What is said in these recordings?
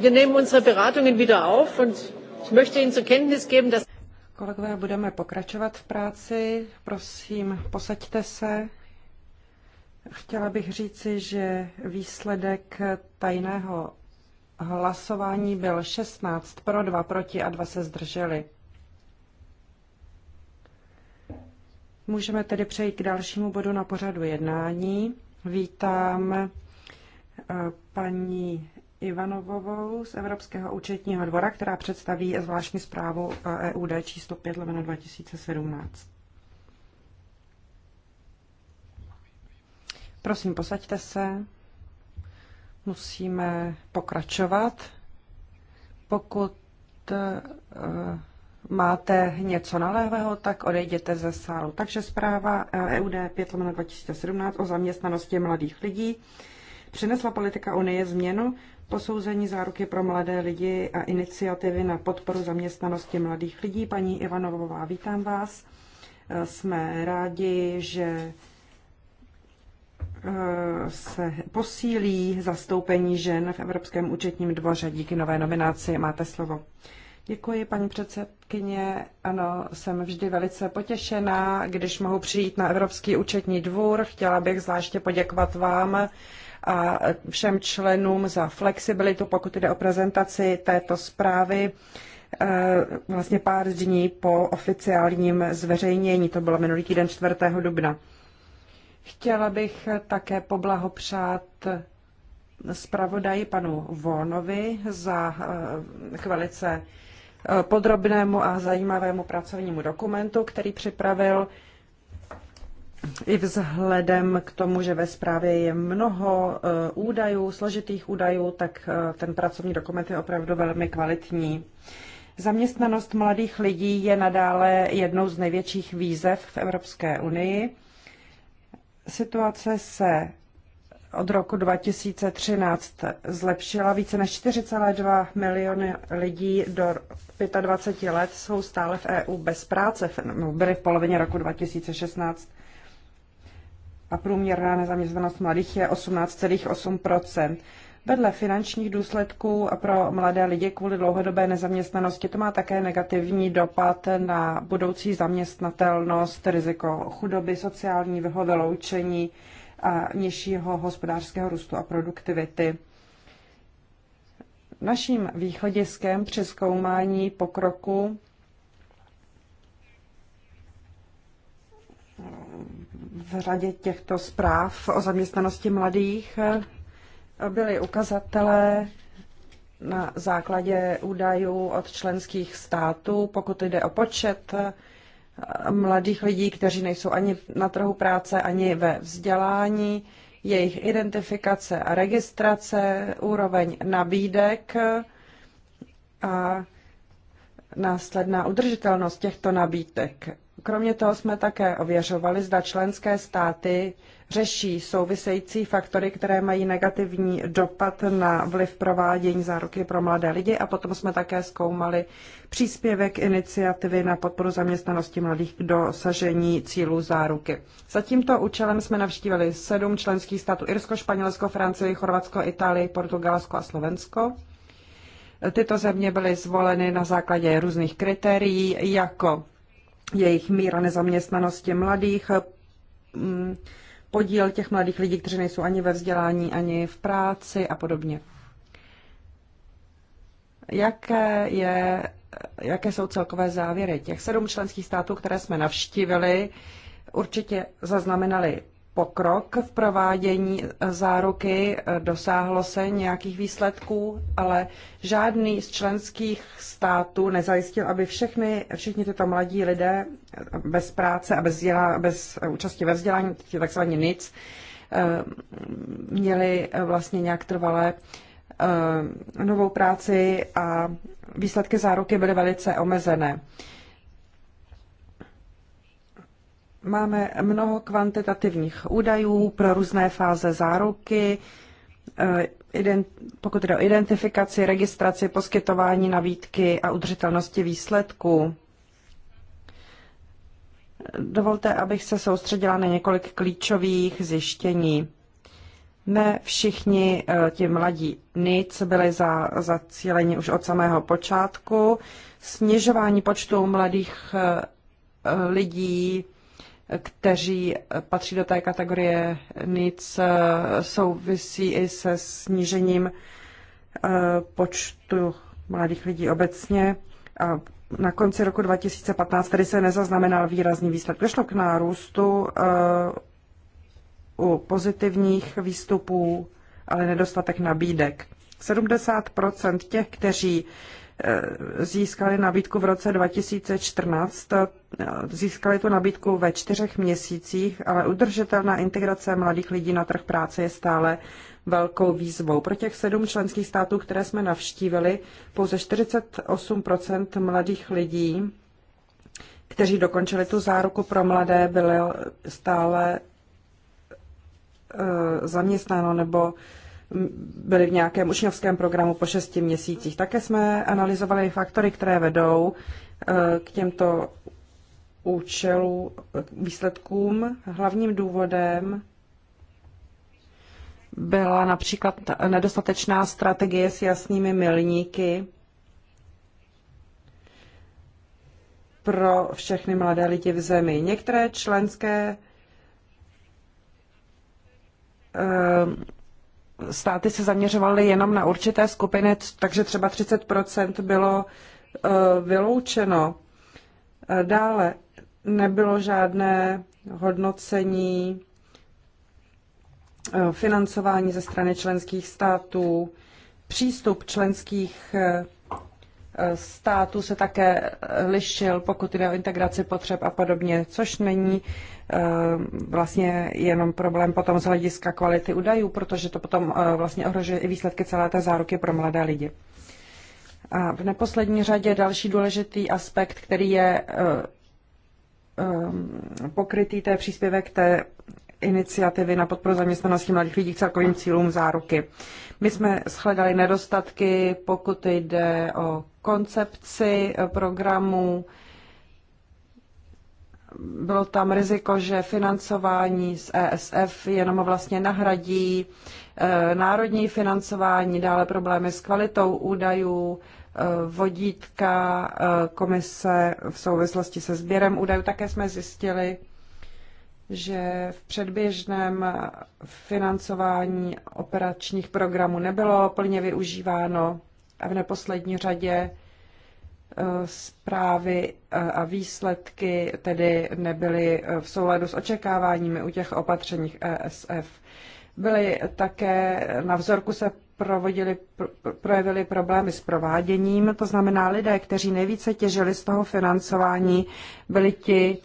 Wir nehmen unsere Beratungen wieder auf und ich möchte Ihnen zur Kenntnis geben, dass Kolegové, budeme pokračovat v práci. Prosím, posaďte se. Chtěla bych říci, že výsledek tajného hlasování byl 16 pro, 2 proti a 2 se zdrželi. Můžeme tedy přejít k dalšímu bodu na pořadu jednání. Vítám eh, paní Ivanovovou z Evropského účetního dvora, která představí zvláštní zprávu EUD číslo 5 lomeno 2017. Prosím, posaďte se. Musíme pokračovat. Pokud eh, máte něco nalévého, tak odejděte ze sálu. Takže zpráva EUD 5 2017 o zaměstnanosti mladých lidí přinesla politika Unie změnu Posouzení záruky pro mladé lidi a iniciativy na podporu zaměstnanosti mladých lidí. Paní Ivanovová, vítám vás. Eh, jsme rádi, že eh, se posílí zastoupení žen v Evropském účetním dvoře díky nové nominaci. Máte slovo. Děkuji, paní předsedkyně. Ano, jsem vždy velice potěšená, když mohu přijít na Evropský účetní dvůr. Chtěla bych zvláště poděkovat vám a všem členům za flexibilitu, pokud jde o prezentaci této zprávy eh, vlastně pár dní po oficiálním zveřejnění. To bylo minulý týden 4. dubna. Chtěla bych také poblahopřát zpravodaji panu Vonovi za eh, velice eh, podrobnému a zajímavému pracovnímu dokumentu, který připravil i vzhledem k tomu, že ve zprávě je mnoho eh, údajů, složitých údajů, tak eh, ten pracovní dokument je opravdu velmi kvalitní. Zaměstnanost mladých lidí je nadále jednou z největších výzev v Evropské unii. Situace se od roku 2013 zlepšila. Více než 4,2 miliony lidí do 25 let jsou stále v EU bez práce. No, byly v polovině roku 2016 a průměrná nezaměstnanost mladých je 18,8 Vedle finančních důsledků a pro mladé lidi kvůli dlouhodobé nezaměstnanosti to má také negativní dopad na budoucí zaměstnatelnost, riziko chudoby, sociálního vyloučení a nižšího hospodářského růstu a produktivity. Naším východiskem při zkoumání pokroku v řadě těchto zpráv o zaměstnanosti mladých eh, byly ukazatele na základě údajů od členských států, pokud jde o počet eh, mladých lidí, kteří nejsou ani na trhu práce, ani ve vzdělání, jejich identifikace a registrace, úroveň nabídek eh, a následná udržitelnost těchto nabídek. Kromě toho jsme také ověřovali, zda členské státy řeší související faktory, které mají negativní dopad na vliv provádění záruky pro mladé lidi a potom jsme také zkoumali příspěvek iniciativy na podporu zaměstnanosti mladých k dosažení cílů záruky. Za tímto účelem jsme navštívili sedm členských států Irsko, Španělsko, Francii, Chorvatsko, Itálii, Portugalsko a Slovensko. Tyto země byly zvoleny na základě různých kritérií jako jejich míra nezaměstnanosti mladých, mm, podíl těch mladých lidí, kteří nejsou ani ve vzdělání, ani v práci a podobně. Jaké, je, jaké jsou celkové závěry? Těch sedm členských států, které jsme navštívili, určitě zaznamenali pokrok v provádění záruky, dosáhlo se nějakých výsledků, ale žádný z členských států nezajistil, aby všechny, všichni tyto mladí lidé bez práce a bez, děla, bez účasti ve vzdělání, takzvaně nic, měli vlastně nějak trvalé eh, novou práci a výsledky záruky byly velice omezené. Máme mnoho kvantitativních údajů pro různé fáze záruky, eh, pokud jde o identifikaci, registraci, poskytování nabídky a udržitelnosti výsledků. Dovolte, abych se soustředila na několik klíčových zjištění. Ne všichni eh, ti mladí nic byli za, cíleni už od samého počátku. Snižování počtu mladých eh, lidí kteří patří do té kategorie nic, souvisí i se snížením eh, počtu mladých lidí obecně. A na konci roku 2015 tedy se nezaznamenal výrazný výsledek. Došlo k nárůstu eh, u pozitivních výstupů, ale nedostatek nabídek. 70 těch, kteří získali nabídku v roce 2014. Získali tu nabídku ve čtyřech měsících, ale udržitelná integrace mladých lidí na trh práce je stále velkou výzvou. Pro těch sedm členských států, které jsme navštívili, pouze 48 mladých lidí, kteří dokončili tu záruku pro mladé, byly stále eh, zaměstnáno nebo byli v nějakém učňovském programu po šesti měsících. Také jsme analyzovali faktory, které vedou eh, k těmto účelu, eh, výsledkům. Hlavním důvodem byla například nedostatečná strategie s jasnými milníky pro všechny mladé lidi v zemi. Některé členské eh, státy se zaměřovaly jenom na určité skupiny, takže třeba 30% bylo eh, vyloučeno. Eh, dále nebylo žádné hodnocení eh, financování ze strany členských států, přístup členských států se také lišil, pokud jde o integraci potřeb a podobně, což není eh, vlastně jenom problém potom z hlediska kvality údajů, protože to potom eh, vlastně ohrožuje i výsledky celé té záruky pro mladé lidi. A v neposlední řadě další důležitý aspekt, který je eh, pokrytý, to je příspěvek té iniciativy na podporu zaměstnanosti mladých lidí k celkovým cílům záruky. My jsme shledali nedostatky, pokud jde o koncepci eh, programu. Bylo tam riziko, že financování z ESF jenom vlastně nahradí eh, národní financování, dále problémy s kvalitou údajů, eh, vodítka komise v souvislosti se sběrem údajů. Také jsme zjistili, že v předběžném financování operačních programů nebylo plně využíváno a v neposlední řadě e, zprávy e, a výsledky tedy nebyly e, v souladu s očekáváními u těch opatřeních ESF. Byly také, na vzorku se provodili, projevily problémy s prováděním, to znamená lidé, kteří nejvíce těžili z toho financování, byli ti,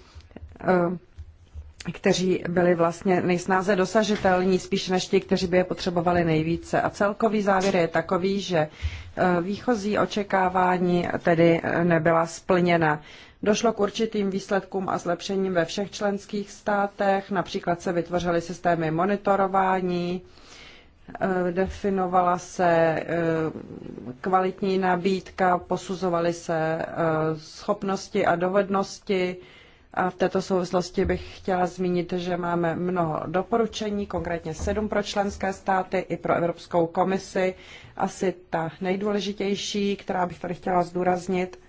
kteří byli vlastně nejsnáze dosažitelní, spíš než ti, kteří by je potřebovali nejvíce. A celkový závěr je takový, že e, výchozí očekávání tedy e, nebyla splněna. Došlo k určitým výsledkům a zlepšením ve všech členských státech, například se vytvořily systémy monitorování, e, definovala se kvalitní nabídka, posuzovaly se schopnosti a dovednosti, a v této souvislosti bych chtěla zmínit, že máme mnoho doporučení, konkrétně sedm pro členské státy i pro Evropskou komisi. Asi ta nejdůležitější, která bych tady chtěla zdůraznit,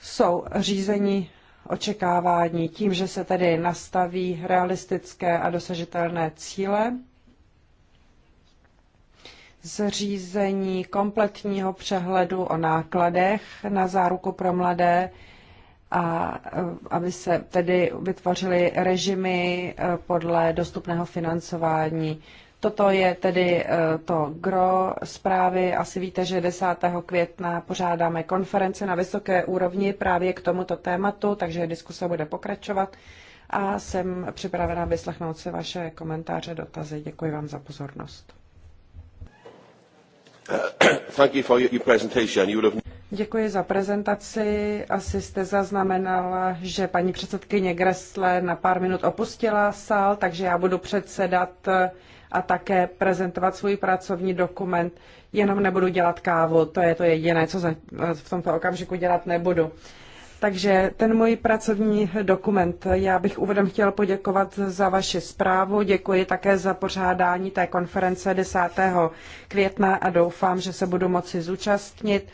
jsou řízení očekávání tím, že se tedy nastaví realistické a dosažitelné cíle, zřízení kompletního přehledu o nákladech na záruku pro mladé, a eh, aby se tedy vytvořily režimy eh, podle dostupného financování. Toto je tedy eh, to gro zprávy. Asi víte, že 10. května pořádáme konference na vysoké úrovni právě k tomuto tématu, takže diskuse bude pokračovat a jsem připravena vyslechnout si vaše komentáře, dotazy. Děkuji vám za pozornost. Thank you for your presentation. You would have... Děkuji za prezentaci. Asi jste zaznamenala, že paní předsedkyně Gressle na pár minut opustila sál, takže já budu předsedat a také prezentovat svůj pracovní dokument. Jenom nebudu dělat kávu, to je to jediné, co v tomto okamžiku dělat nebudu. Takže ten můj pracovní dokument. Já bych úvodem chtěl poděkovat za vaši zprávu. Děkuji také za pořádání té konference 10. května a doufám, že se budu moci zúčastnit.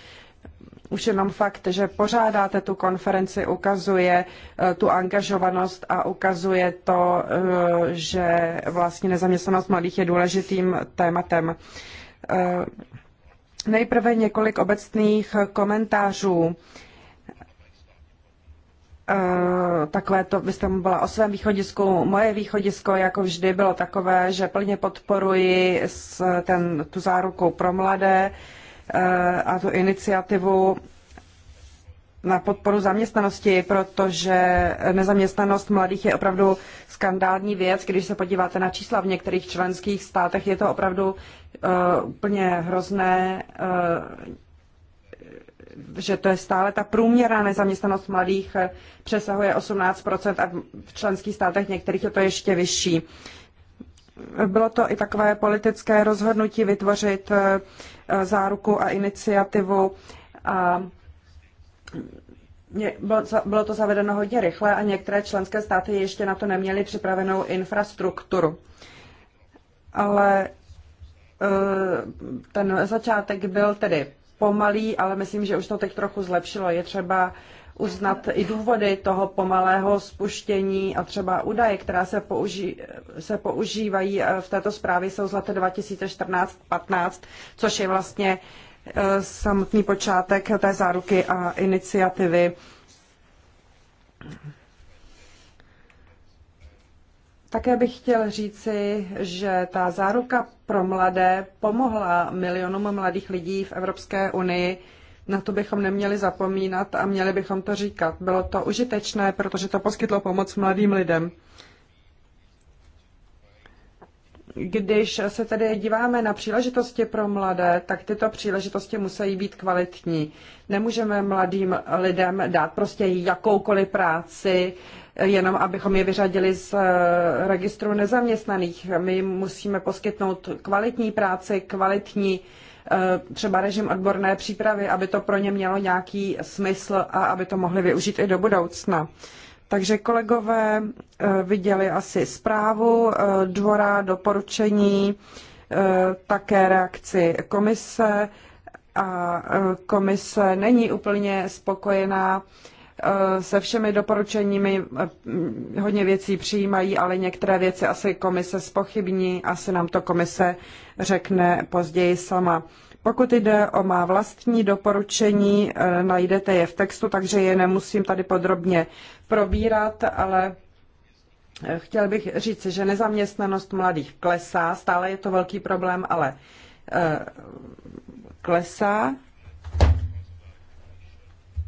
Už jenom fakt, že pořádáte tu konferenci, ukazuje eh, tu angažovanost a ukazuje to, eh, že vlastně nezaměstnanost mladých je důležitým tématem. Eh, nejprve několik obecných komentářů takové to, vy jste byla o svém východisku, moje východisko jako vždy bylo takové, že plně podporuji s ten, tu záruku pro mladé, Eh, a tu iniciativu na podporu zaměstnanosti, protože nezaměstnanost mladých je opravdu skandální věc. Když se podíváte na čísla v některých členských státech, je to opravdu uh, úplně hrozné, uh, že to je stále ta průměrná nezaměstnanost mladých přesahuje 18% a v členských státech některých je to ještě vyšší. Bylo to i takové politické rozhodnutí vytvořit uh, Eh, záruku a iniciativu a bylo to zavedeno hodně rychle a některé členské státy ještě na to neměly připravenou infrastrukturu. Ale eh, ten začátek byl tedy pomalý, ale myslím, že už to teď trochu zlepšilo. Je třeba uznat i důvody toho pomalého spuštění a třeba údaje, která se, použi- se používají eh, v této zprávě, jsou z let 2014-15, což je vlastně eh, samotný počátek té záruky a iniciativy. Také bych chtěl říci, že ta záruka pro mladé pomohla milionům mladých lidí v Evropské unii na to bychom neměli zapomínat a měli bychom to říkat. Bylo to užitečné, protože to poskytlo pomoc mladým lidem. Když se tedy díváme na příležitosti pro mladé, tak tyto příležitosti musí být kvalitní. Nemůžeme mladým lidem dát prostě jakoukoliv práci, jenom abychom je vyřadili z eh, registru nezaměstnaných. My musíme poskytnout kvalitní práci, kvalitní Eh, třeba režim odborné přípravy, aby to pro ně mělo nějaký smysl a aby to mohli využít i do budoucna. Takže kolegové eh, viděli asi zprávu eh, dvora, doporučení, také reakci komise a komise není úplně spokojená Eh, se všemi doporučeními eh, hodně věcí přijímají, ale některé věci asi komise spochybní, asi nám to komise řekne později sama. Pokud jde o má vlastní doporučení, eh, najdete je v textu, takže je nemusím tady podrobně probírat, ale chtěl bych říct, že nezaměstnanost mladých klesá, stále je to velký problém, ale klesá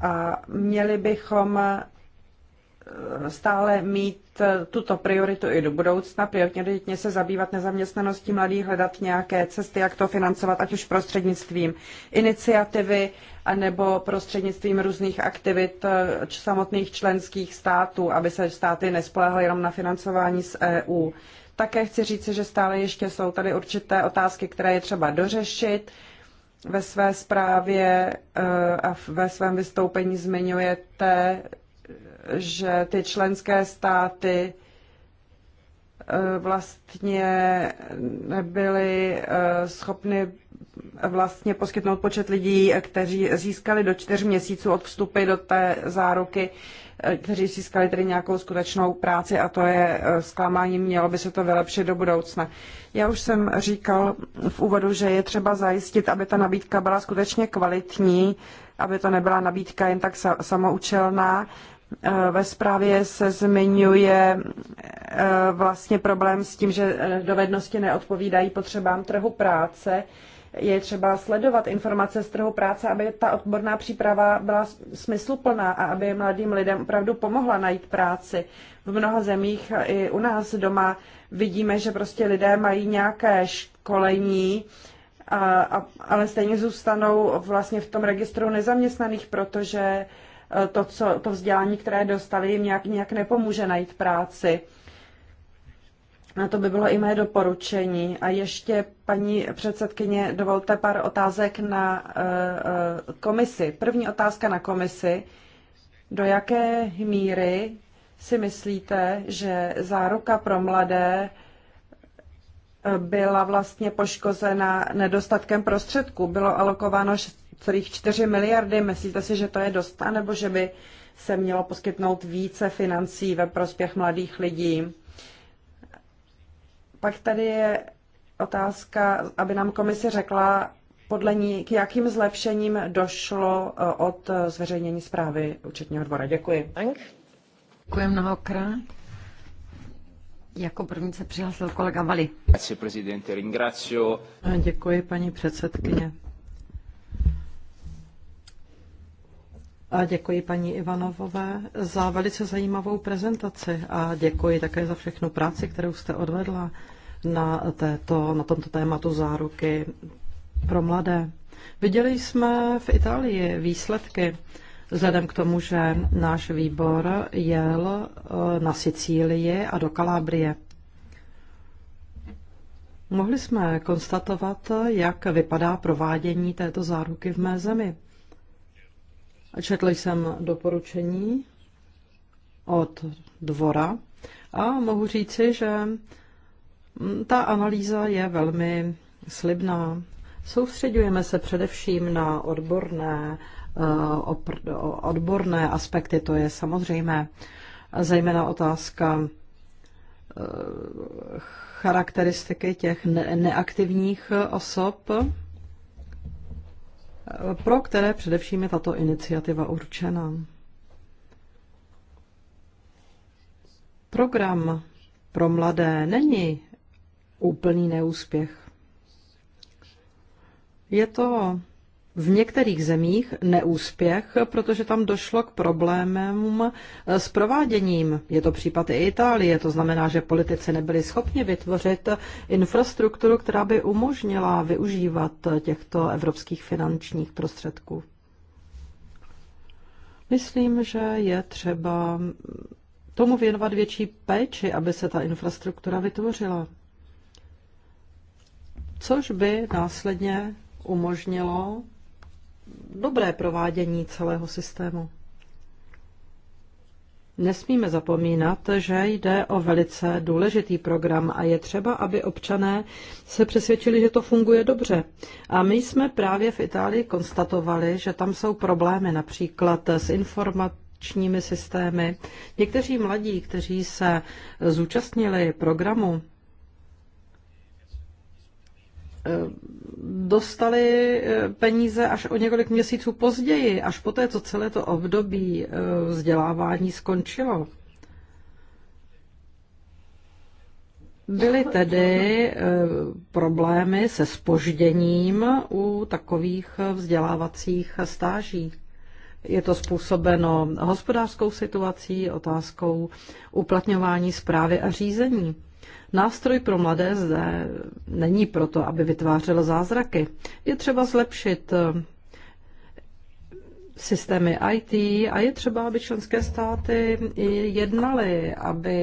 a měli bychom eh, stále mít eh, tuto prioritu i do budoucna, prioritně se zabývat nezaměstnaností mladých, hledat nějaké cesty, jak to financovat, ať už prostřednictvím iniciativy, nebo prostřednictvím různých aktivit eh, samotných členských států, aby se státy nespoléhaly jenom na financování z EU. Také chci říct, že stále ještě jsou tady určité otázky, které je třeba dořešit ve své zprávě eh, a ve svém vystoupení zmiňujete, že ty členské státy eh, vlastně nebyly eh, schopny vlastně poskytnout počet lidí, kteří získali do čtyř měsíců od vstupy do té záruky, eh, kteří získali tedy nějakou skutečnou práci a to je eh, zklamáním, mělo by se to vylepšit do budoucna. Já už jsem říkal v úvodu, že je třeba zajistit, aby ta nabídka byla skutečně kvalitní, aby to nebyla nabídka jen tak samoučelná, eh, ve zprávě se zmiňuje vlastně problém s tím, že dovednosti neodpovídají potřebám trhu práce je třeba sledovat informace z trhu práce, aby ta odborná příprava byla smysluplná a aby mladým lidem opravdu pomohla najít práci. V mnoha zemích i u nás doma vidíme, že prostě lidé mají nějaké školení, a, a, ale stejně zůstanou vlastně v tom registru nezaměstnaných, protože e, to, co, to vzdělání, které dostali, jim nějak, nějak nepomůže najít práci. Na to by bylo i mé doporučení. A ještě, paní předsedkyně, dovolte pár otázek na eh, eh, komisi. První otázka na komisi. Do jaké míry si myslíte, že záruka pro mladé eh, byla vlastně poškozena nedostatkem prostředků? Bylo alokováno 4 miliardy. Myslíte si, že to je dost, nebo že by se mělo poskytnout více financí ve prospěch mladých lidí? Pak tady je otázka, aby nám komise řekla, podle ní, k jakým zlepšením došlo eh, od eh, zveřejnění zprávy účetního dvora. Děkuji. Děkuji mnohokrát. Jako první se přihlásil kolega Vali. Eh, děkuji, paní předsedkyně. A děkuji paní Ivanovové za velice zajímavou prezentaci a děkuji také za všechnu práci, kterou jste odvedla na, této, na tomto tématu záruky pro mladé. Viděli jsme v Itálii výsledky. Vzhledem k tomu, že náš výbor jel eh, na Sicílii a do Kalábrie. Mohli jsme konstatovat, jak vypadá provádění této záruky v mé zemi. Četl jsem doporučení od dvora a mohu říci, že ta analýza je velmi slibná. Soustředujeme se především na odborné, eh, odborné aspekty, to je samozřejmé, zejména otázka eh, charakteristiky těch neaktivních osob, eh, pro které především je tato iniciativa určena. Program pro mladé není úplný neúspěch. Je to v některých zemích neúspěch, protože tam došlo k problémům s prováděním. Je to případ i Itálie, to znamená, že politici nebyli schopni vytvořit infrastrukturu, která by umožnila využívat těchto evropských finančních prostředků. Myslím, že je třeba tomu věnovat větší péči, aby se ta infrastruktura vytvořila což by následně umožnilo dobré provádění celého systému. Nesmíme zapomínat, že jde o velice důležitý program a je třeba, aby občané se přesvědčili, že to funguje dobře. A my jsme právě v Itálii konstatovali, že tam jsou problémy například s informačními systémy. Někteří mladí, kteří se zúčastnili programu, Eh, dostali eh, peníze až o několik měsíců později, až po té, co celé to období eh, vzdělávání skončilo. Byly tedy problémy se spožděním u takových vzdělávacích stáží. Je to způsobeno hospodářskou situací, otázkou uplatňování zprávy a řízení. Nástroj pro mladé zde není proto, aby vytvářel zázraky. Je třeba zlepšit eh, systémy IT a je třeba, aby členské státy jednaly, aby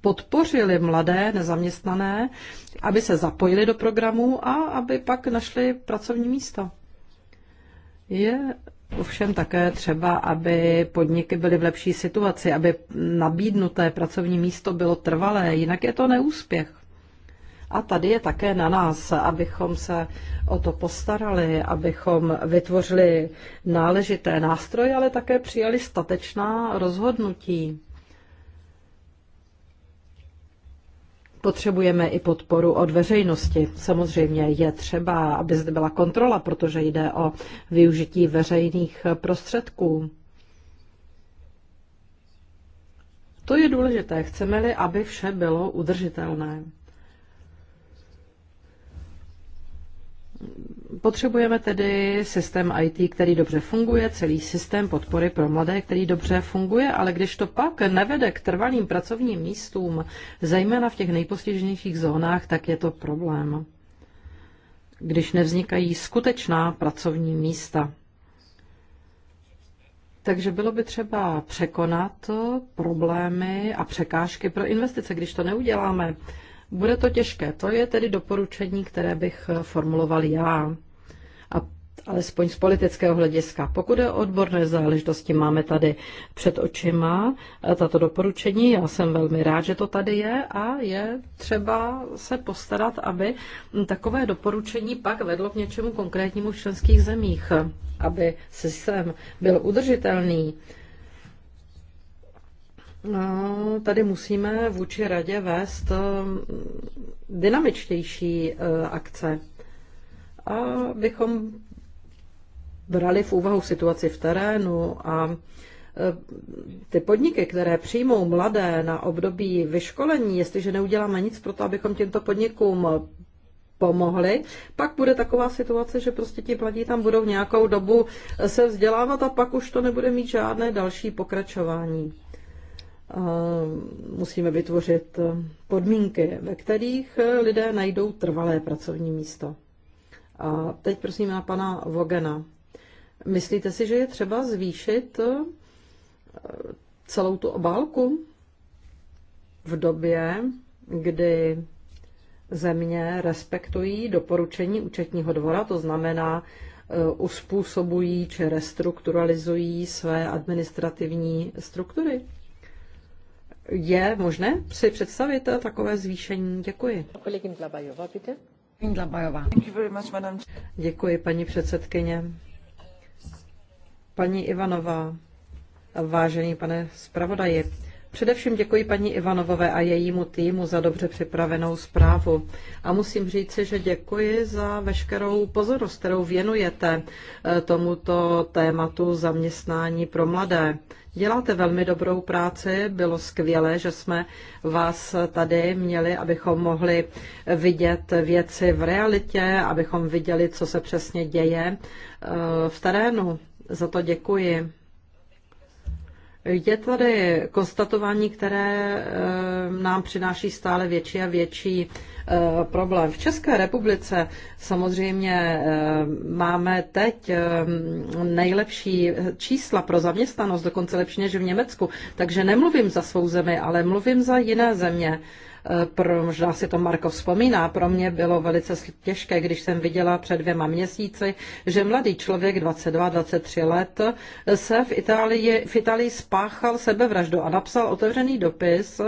podpořili mladé nezaměstnané, aby se zapojili do programu a aby pak našli pracovní místo. Je Ovšem také třeba, aby podniky byly v lepší situaci, aby nabídnuté pracovní místo bylo trvalé, jinak je to neúspěch. A tady je také na nás, abychom se o to postarali, abychom vytvořili náležité nástroje, ale také přijali statečná rozhodnutí. Potřebujeme i podporu od veřejnosti. Samozřejmě je třeba, aby zde byla kontrola, protože jde o využití veřejných prostředků. To je důležité. Chceme-li, aby vše bylo udržitelné. Potřebujeme tedy systém IT, který dobře funguje, celý systém podpory pro mladé, který dobře funguje, ale když to pak nevede k trvalým pracovním místům, zejména v těch nejpostiženějších zónách, tak je to problém. Když nevznikají skutečná pracovní místa. Takže bylo by třeba překonat problémy a překážky pro investice. Když to neuděláme, bude to těžké. To je tedy doporučení, které bych eh, formuloval já. A alespoň z politického hlediska. Pokud je odborné záležitosti, máme tady před očima eh, tato doporučení. Já jsem velmi rád, že to tady je a je třeba se postarat, aby takové doporučení pak vedlo k něčemu konkrétnímu v členských zemích, eh, aby systém byl udržitelný, No, tady musíme vůči radě vést eh, dynamičtější eh, akce, a bychom brali v úvahu situaci v terénu a eh, ty podniky, které přijmou mladé na období vyškolení, jestliže neuděláme nic pro to, abychom těmto podnikům pomohli, pak bude taková situace, že prostě ti mladí tam budou nějakou dobu se vzdělávat a pak už to nebude mít žádné další pokračování musíme vytvořit podmínky, ve kterých lidé najdou trvalé pracovní místo. A teď prosím na pana Vogena. Myslíte si, že je třeba zvýšit eh, celou tu obálku v době, kdy země respektují doporučení účetního dvora, to znamená, eh, uspůsobují či restrukturalizují své administrativní struktury? Je možné si představit eh, takové zvýšení? Děkuji. Děkuji, paní předsedkyně. Paní Ivanová, vážený pane zpravodaji, Především děkuji paní Ivanovové a jejímu týmu za dobře připravenou zprávu. A musím říci, že děkuji za veškerou pozornost, kterou věnujete eh, tomuto tématu zaměstnání pro mladé. Děláte velmi dobrou práci, bylo skvělé, že jsme vás tady měli, abychom mohli vidět věci v realitě, abychom viděli, co se přesně děje eh, v terénu. Za to děkuji. Je tady konstatování, které eh, nám přináší stále větší a větší Eh, problém. V České republice samozřejmě eh, máme teď eh, nejlepší čísla pro zaměstnanost, dokonce lepší než v Německu. Takže nemluvím za svou zemi, ale mluvím za jiné země pro, možná si to Marko vzpomíná, pro mě bylo velice těžké, když jsem viděla před dvěma měsíci, že mladý člověk 22-23 let se v Itálii, v Itálii spáchal sebevraždu a napsal otevřený dopis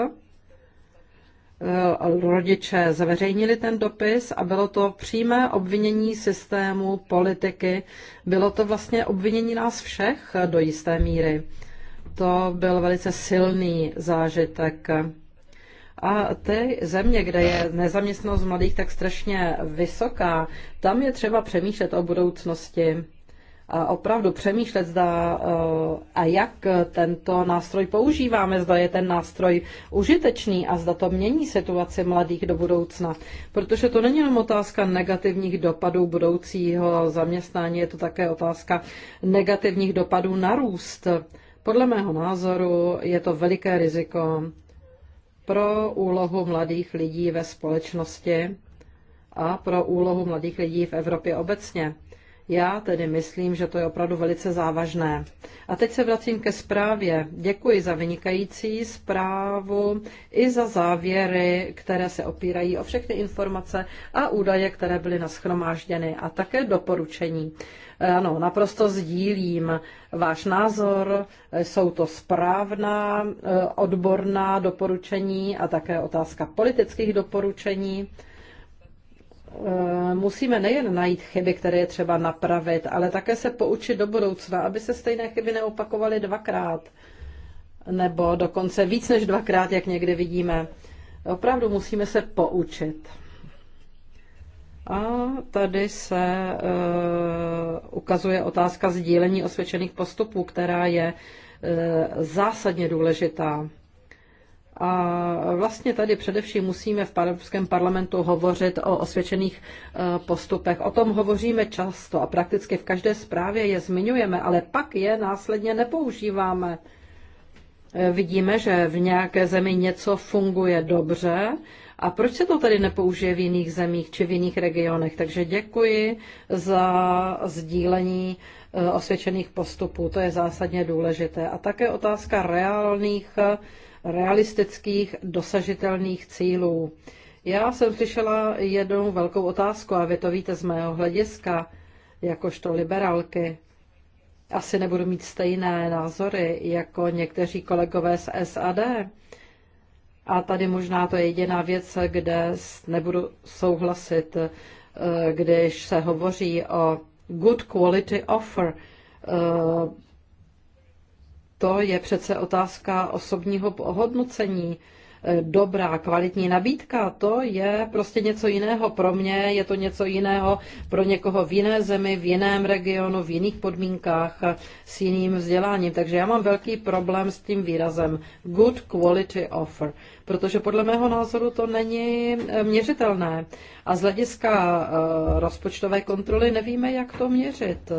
Eh, rodiče zveřejnili ten dopis a bylo to přímé obvinění systému, politiky, bylo to vlastně obvinění nás všech do jisté míry. To byl velice silný zážitek. A ty země, kde je nezaměstnanost mladých tak strašně vysoká, tam je třeba přemýšlet o budoucnosti opravdu přemýšlet, zda eh, a jak tento nástroj používáme, zda je ten nástroj užitečný a zda to mění situaci mladých do budoucna. Protože to není jenom otázka negativních dopadů budoucího zaměstnání, je to také otázka negativních dopadů na růst. Podle mého názoru je to veliké riziko pro úlohu mladých lidí ve společnosti a pro úlohu mladých lidí v Evropě obecně. Já tedy myslím, že to je opravdu velice závažné. A teď se vracím ke zprávě. Děkuji za vynikající zprávu i za závěry, které se opírají o všechny informace a údaje, které byly naschromážděny a také doporučení. Ano, naprosto sdílím váš názor. Jsou to správná eh, odborná doporučení a také otázka politických doporučení. Eh, musíme nejen najít chyby, které je třeba napravit, ale také se poučit do budoucna, aby se stejné chyby neopakovaly dvakrát, nebo dokonce víc než dvakrát, jak někdy vidíme. Opravdu musíme se poučit. A tady se e, ukazuje otázka sdílení osvědčených postupů, která je e, zásadně důležitá. A vlastně tady především musíme v Evropském parlamentu hovořit o osvědčených e, postupech. O tom hovoříme často a prakticky v každé zprávě je zmiňujeme, ale pak je následně nepoužíváme. E, vidíme, že v nějaké zemi něco funguje dobře, a proč se to tady nepoužije v jiných zemích či v jiných regionech? Takže děkuji za sdílení e, osvědčených postupů, to je zásadně důležité. A také otázka reálných realistických dosažitelných cílů. Já jsem slyšela jednu velkou otázku a vy to víte z mého hlediska, jakožto liberálky. Asi nebudu mít stejné názory jako někteří kolegové z SAD. A tady možná to je jediná věc, kde nebudu souhlasit, eh, když se hovoří o good quality offer, eh, to je přece otázka osobního ohodnocení. Eh, dobrá, kvalitní nabídka, to je prostě něco jiného pro mě, je to něco jiného pro někoho v jiné zemi, v jiném regionu, v jiných podmínkách, eh, s jiným vzděláním. Takže já mám velký problém s tím výrazem good quality offer, protože podle mého názoru to není eh, měřitelné. A z hlediska rozpočtové kontroly nevíme, jak to měřit.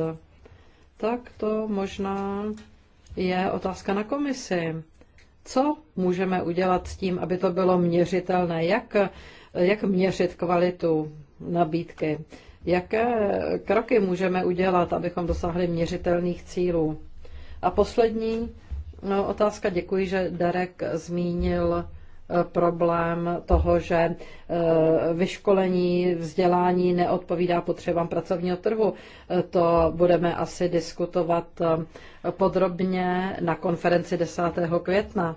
Tak to možná je otázka na komisi. Co můžeme udělat s tím, aby to bylo měřitelné? Jak, jak měřit kvalitu nabídky? Jaké kroky můžeme udělat, abychom dosáhli měřitelných cílů? A poslední no, otázka. Děkuji, že Darek zmínil problém toho, že eh, vyškolení, vzdělání neodpovídá potřebám pracovního trhu. Eh, to budeme asi diskutovat eh, podrobně na konferenci 10. května.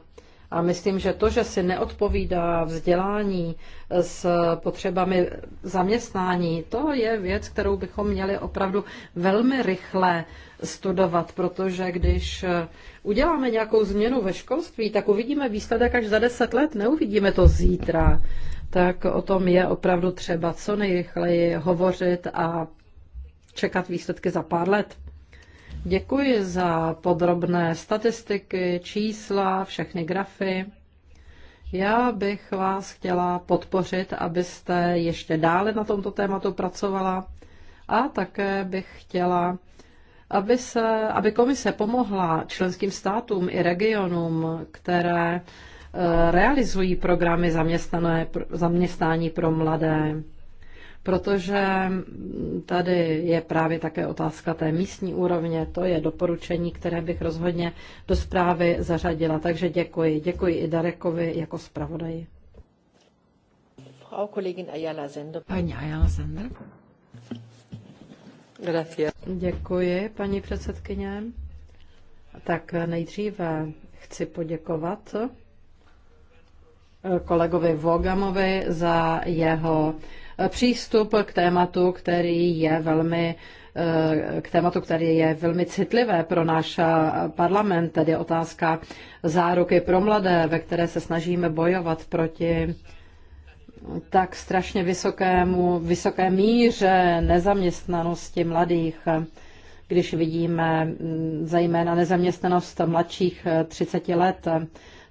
A myslím, že to, že si neodpovídá vzdělání s potřebami zaměstnání, to je věc, kterou bychom měli opravdu velmi rychle studovat, protože když eh, uděláme nějakou změnu ve školství, tak uvidíme výsledek až za deset let, neuvidíme to zítra. Tak o tom je opravdu třeba co nejrychleji hovořit a čekat výsledky za pár let. Děkuji za podrobné statistiky, čísla, všechny grafy. Já bych vás chtěla podpořit, abyste ještě dále na tomto tématu pracovala a také bych chtěla aby, se, aby komise pomohla členským státům i regionům, které eh, realizují programy zaměstnané, zaměstnání pro mladé, protože tady je právě také otázka té místní úrovně. To je doporučení, které bych rozhodně do zprávy zařadila. Takže děkuji. Děkuji i Darekovi jako zpravodaji. Frau Kollegin Ayala Sender. Paní Ayala Sender. Gracias. Děkuji, paní předsedkyně. Tak nejdříve chci poděkovat eh, kolegovi Vogamovi za jeho eh, přístup k tématu, který je velmi eh, k tématu, který je velmi citlivé pro náš parlament, tedy otázka záruky pro mladé, ve které se snažíme bojovat proti tak strašně vysokému, vysoké míře nezaměstnanosti mladých, když vidíme mm, zejména nezaměstnanost mladších 30 eh, let.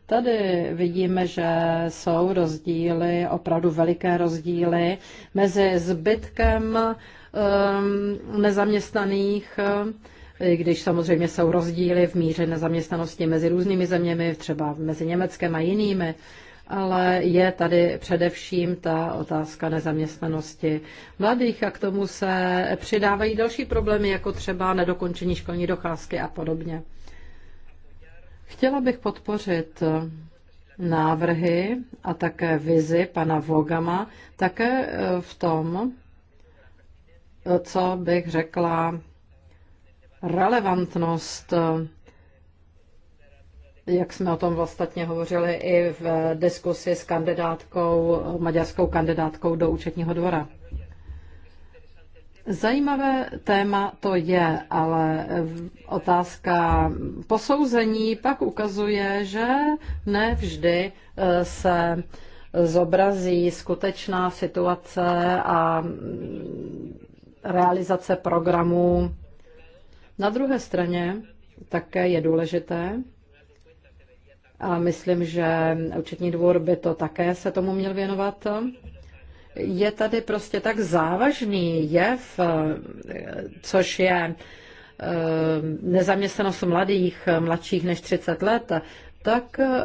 Tady vidíme, že jsou rozdíly, opravdu veliké rozdíly mezi zbytkem ehm, nezaměstnaných, když samozřejmě jsou rozdíly v míře nezaměstnanosti mezi různými zeměmi, třeba mezi Německem a jinými ale je tady především ta otázka nezaměstnanosti mladých a k tomu se přidávají další problémy, jako třeba nedokončení školní docházky a podobně. Chtěla bych podpořit návrhy a také vizi pana Vogama, také eh, v tom, eh, co bych řekla, relevantnost eh, jak jsme o tom ostatně hovořili i v diskusi s kandidátkou, maďarskou kandidátkou do účetního dvora. Zajímavé téma to je, ale otázka posouzení pak ukazuje, že ne vždy eh, se zobrazí skutečná situace a mm, realizace programů. Na druhé straně také je důležité, a myslím, že účetní dvůr by to také se tomu měl věnovat. Je tady prostě tak závažný jev, eh, což je eh, nezaměstnanost mladých, eh, mladších než 30 let, tak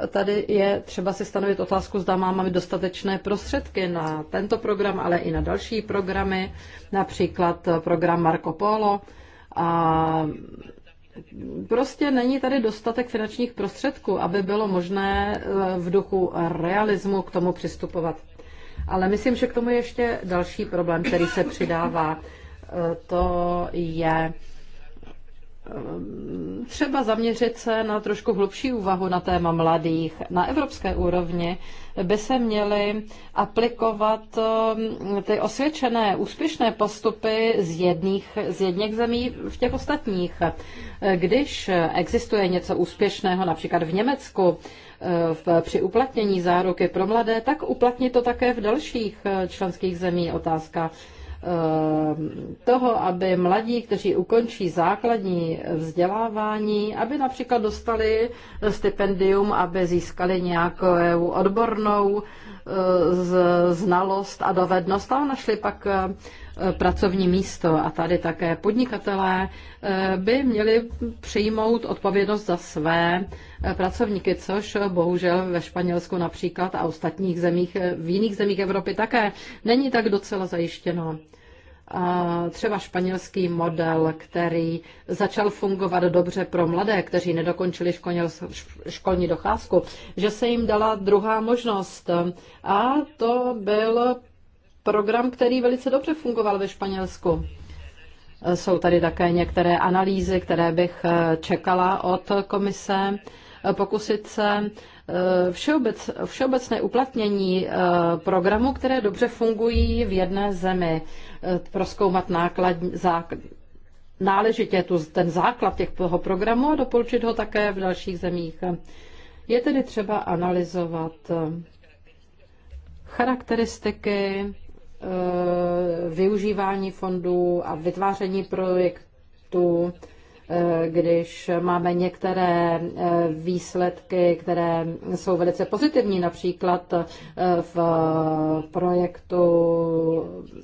tady je třeba si stanovit otázku, zda máme dostatečné prostředky na tento program, ale i na další programy, například program Marco Polo a prostě není tady dostatek finančních prostředků, aby bylo možné eh, v duchu realismu k tomu přistupovat. Ale myslím, že k tomu je ještě další problém, který se přidává. Eh, to je třeba zaměřit se na trošku hlubší úvahu na téma mladých. Na evropské úrovni by se měly aplikovat um, ty osvědčené, úspěšné postupy z, jedných, z jedných zemí v těch ostatních. Když existuje něco úspěšného, například v Německu, uh, v, při uplatnění záruky pro mladé, tak uplatnit to také v dalších uh, členských zemí. Otázka Eh, toho, aby mladí, kteří ukončí základní vzdělávání, aby například dostali stipendium, aby získali nějakou odbornou Eh, z znalost a dovednost ale našli pak eh, pracovní místo. A tady také podnikatelé eh, by měli přijmout odpovědnost za své pracovníky, což bohužel ve Španělsku například a ostatních zemích, v jiných zemích Evropy také není tak docela zajištěno třeba španělský model, který začal fungovat dobře pro mladé, kteří nedokončili školní docházku, že se jim dala druhá možnost. A to byl program, který velice dobře fungoval ve Španělsku. Jsou tady také některé analýzy, které bych eh, čekala od komise, eh, pokusit se eh, všeobec, všeobecné uplatnění programů, které dobře fungují v jedné zemi. Eh, proskoumat náklad, základ, náležitě tu, ten základ těch, toho programu a doporučit ho také v dalších zemích. Je tedy třeba analyzovat eh, charakteristiky eh, využívání fondů a vytváření projektů, Eh, když máme některé eh, výsledky, které jsou velice pozitivní, například eh, v projektu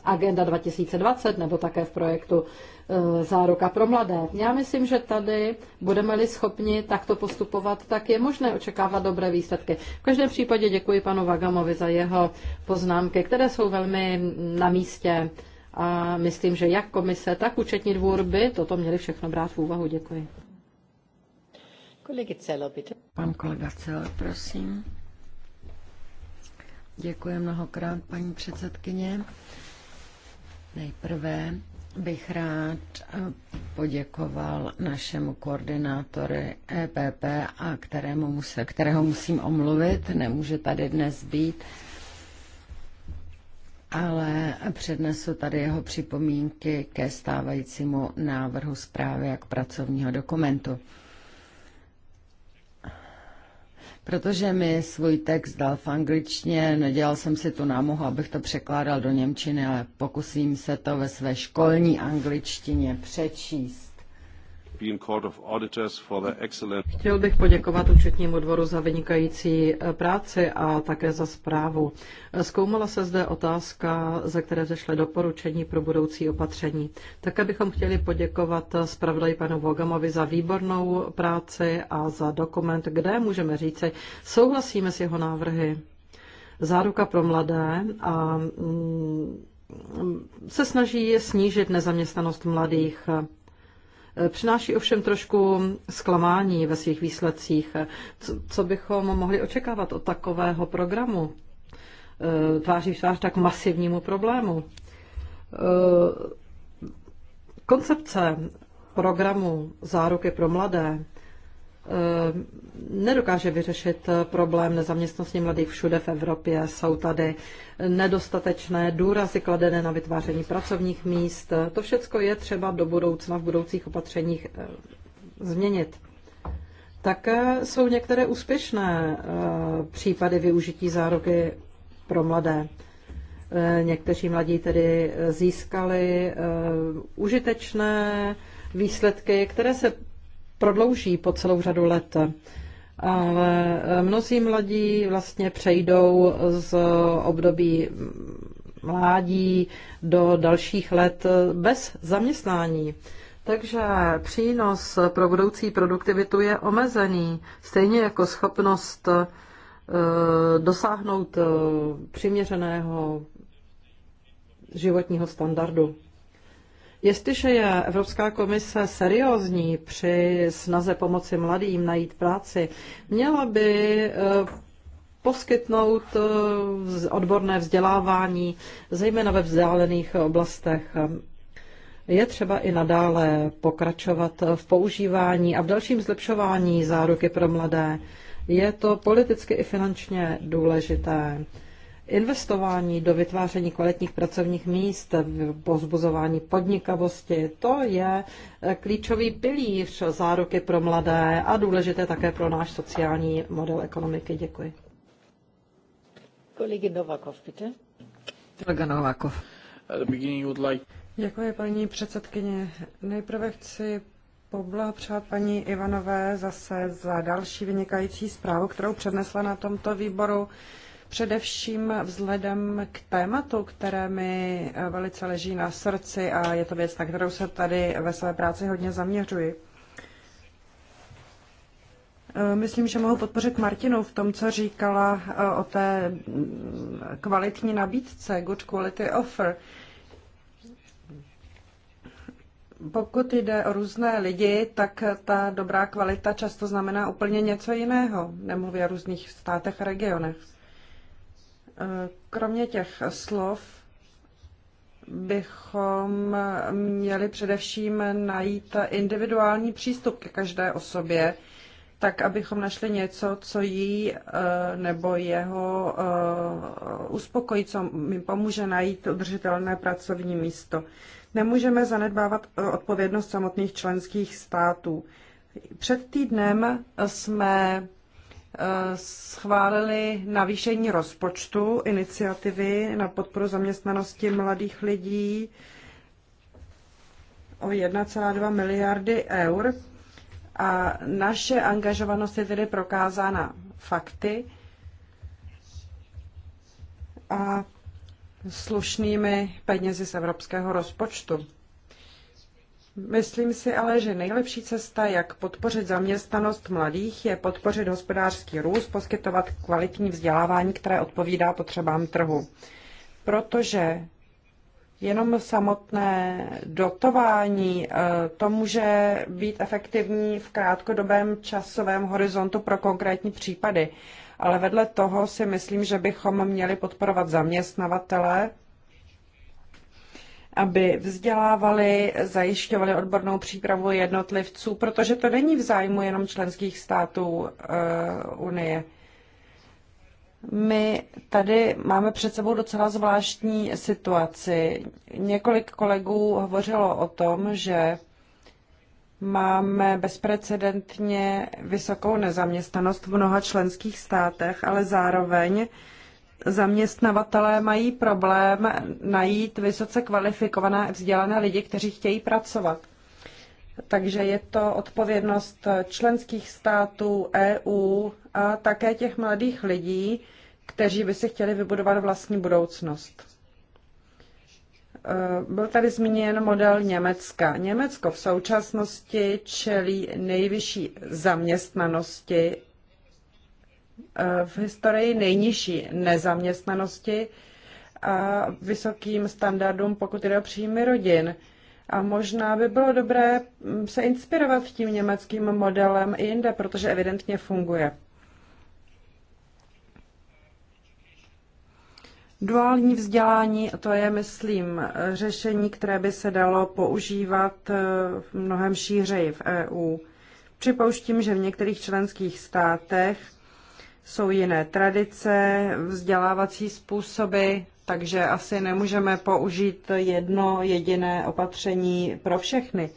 Agenda 2020 nebo také v projektu Záruka pro mladé. Já myslím, že tady budeme-li schopni takto postupovat, tak je možné očekávat dobré výsledky. V každém případě děkuji panu Vagamovi za jeho poznámky, které jsou velmi na místě. A myslím, že jak komise, tak účetní dvůr by toto měli všechno brát v úvahu. Děkuji. Pan kolega Cel, prosím. Děkuji mnohokrát, paní předsedkyně. Nejprve bych rád poděkoval našemu koordinátory EPP, a kterému kterého musím omluvit, nemůže tady dnes být ale přednesu tady jeho připomínky ke stávajícímu návrhu zprávy jak pracovního dokumentu. Protože mi svůj text dal v angličtině, nedělal jsem si tu námohu, abych to překládal do Němčiny, ale pokusím se to ve své školní angličtině přečíst. Chtěl bych poděkovat účetnímu dvoru za vynikající eh, práci a také za zprávu. Zkoumala se zde otázka, ze které zešle doporučení pro budoucí opatření. Také bychom chtěli poděkovat eh, zpravodaji panu Vogamovi za výbornou práci a za dokument, kde můžeme říci, souhlasíme s jeho návrhy. Záruka pro mladé a mm, se snaží snížit nezaměstnanost mladých Přináší ovšem trošku zklamání ve svých výsledcích. Co bychom mohli očekávat od takového programu? Eh, tváří v tvář tak masivnímu problému. Eh, koncepce programu Záruky pro mladé Eh, nedokáže vyřešit eh, problém nezaměstnosti mladých všude v Evropě. Jsou tady nedostatečné důrazy kladené na vytváření pracovních míst. To všechno je třeba do budoucna v budoucích opatřeních eh, změnit. Také jsou některé úspěšné případy využití zároky pro mladé. Někteří mladí tedy získali užitečné výsledky, které se prodlouží po celou řadu let. Ale eh, mnozí mladí vlastně přejdou z období mládí do dalších let eh, bez zaměstnání. Takže přínos pro budoucí produktivitu je omezený, stejně jako schopnost eh, dosáhnout přiměřeného životního standardu. Jestliže je Evropská komise seriózní při snaze pomoci mladým najít práci, měla by eh, poskytnout eh, odborné vzdělávání, zejména ve vzdálených oblastech. Je třeba i nadále pokračovat v používání a v dalším zlepšování záruky pro mladé. Je to politicky i finančně důležité. Investování do vytváření kvalitních pracovních míst, pozbuzování podnikavosti, to je eh, klíčový pilíř záruky pro mladé a důležité také pro náš sociální model ekonomiky. Děkuji. Kolegy Novakov, bitte. Kolega Novakov. Děkuji, paní předsedkyně. Nejprve chci poblahopřát paní Ivanové zase za další vynikající zprávu, kterou přednesla na tomto výboru. Především vzhledem k tématu, které mi eh, velice leží na srdci a je to věc, na kterou se tady ve své práci hodně zaměřuji. Eh, myslím, že mohu podpořit Martinu v tom, co říkala eh, o té mm, kvalitní nabídce, good quality offer. Pokud jde o různé lidi, tak ta dobrá kvalita často znamená úplně něco jiného. Nemluvě o různých státech a regionech. Kromě těch slov bychom měli především najít individuální přístup ke každé osobě, tak abychom našli něco, co jí eh, nebo jeho eh, uspokojí, co jim pomůže najít udržitelné pracovní místo. Nemůžeme zanedbávat eh, odpovědnost samotných členských států. Před týdnem jsme schválili navýšení rozpočtu iniciativy na podporu zaměstnanosti mladých lidí o 1,2 miliardy eur. A naše angažovanost je tedy prokázána fakty a slušnými penězi z evropského rozpočtu. Myslím si ale, že nejlepší cesta, jak podpořit zaměstnanost mladých, je podpořit hospodářský růst, poskytovat kvalitní vzdělávání, které odpovídá potřebám trhu. Protože jenom samotné dotování, eh, to může být efektivní v krátkodobém časovém horizontu pro konkrétní případy. Ale vedle toho si myslím, že bychom měli podporovat zaměstnavatele, aby vzdělávali, zajišťovali odbornou přípravu jednotlivců, protože to není v zájmu jenom členských států eh, Unie. My tady máme před sebou docela zvláštní situaci. Několik kolegů hovořilo o tom, že máme bezprecedentně vysokou nezaměstnanost v mnoha členských státech, ale zároveň zaměstnavatelé mají problém najít vysoce kvalifikované vzdělané lidi, kteří chtějí pracovat. Takže je to odpovědnost členských států, EU a také těch mladých lidí, kteří by si chtěli vybudovat vlastní budoucnost. Eh, byl tady zmíněn model Německa. Německo v současnosti čelí nejvyšší zaměstnanosti v historii nejnižší nezaměstnanosti a vysokým standardům, pokud jde o příjmy rodin. A možná by bylo dobré mm, se inspirovat tím německým modelem i jinde, protože evidentně funguje. Duální vzdělání, to je, myslím, řešení, které by se dalo používat v eh, mnohem šířeji v EU. Připouštím, že v některých členských státech jsou jiné tradice, vzdělávací způsoby, takže asi nemůžeme použít jedno jediné opatření pro všechny.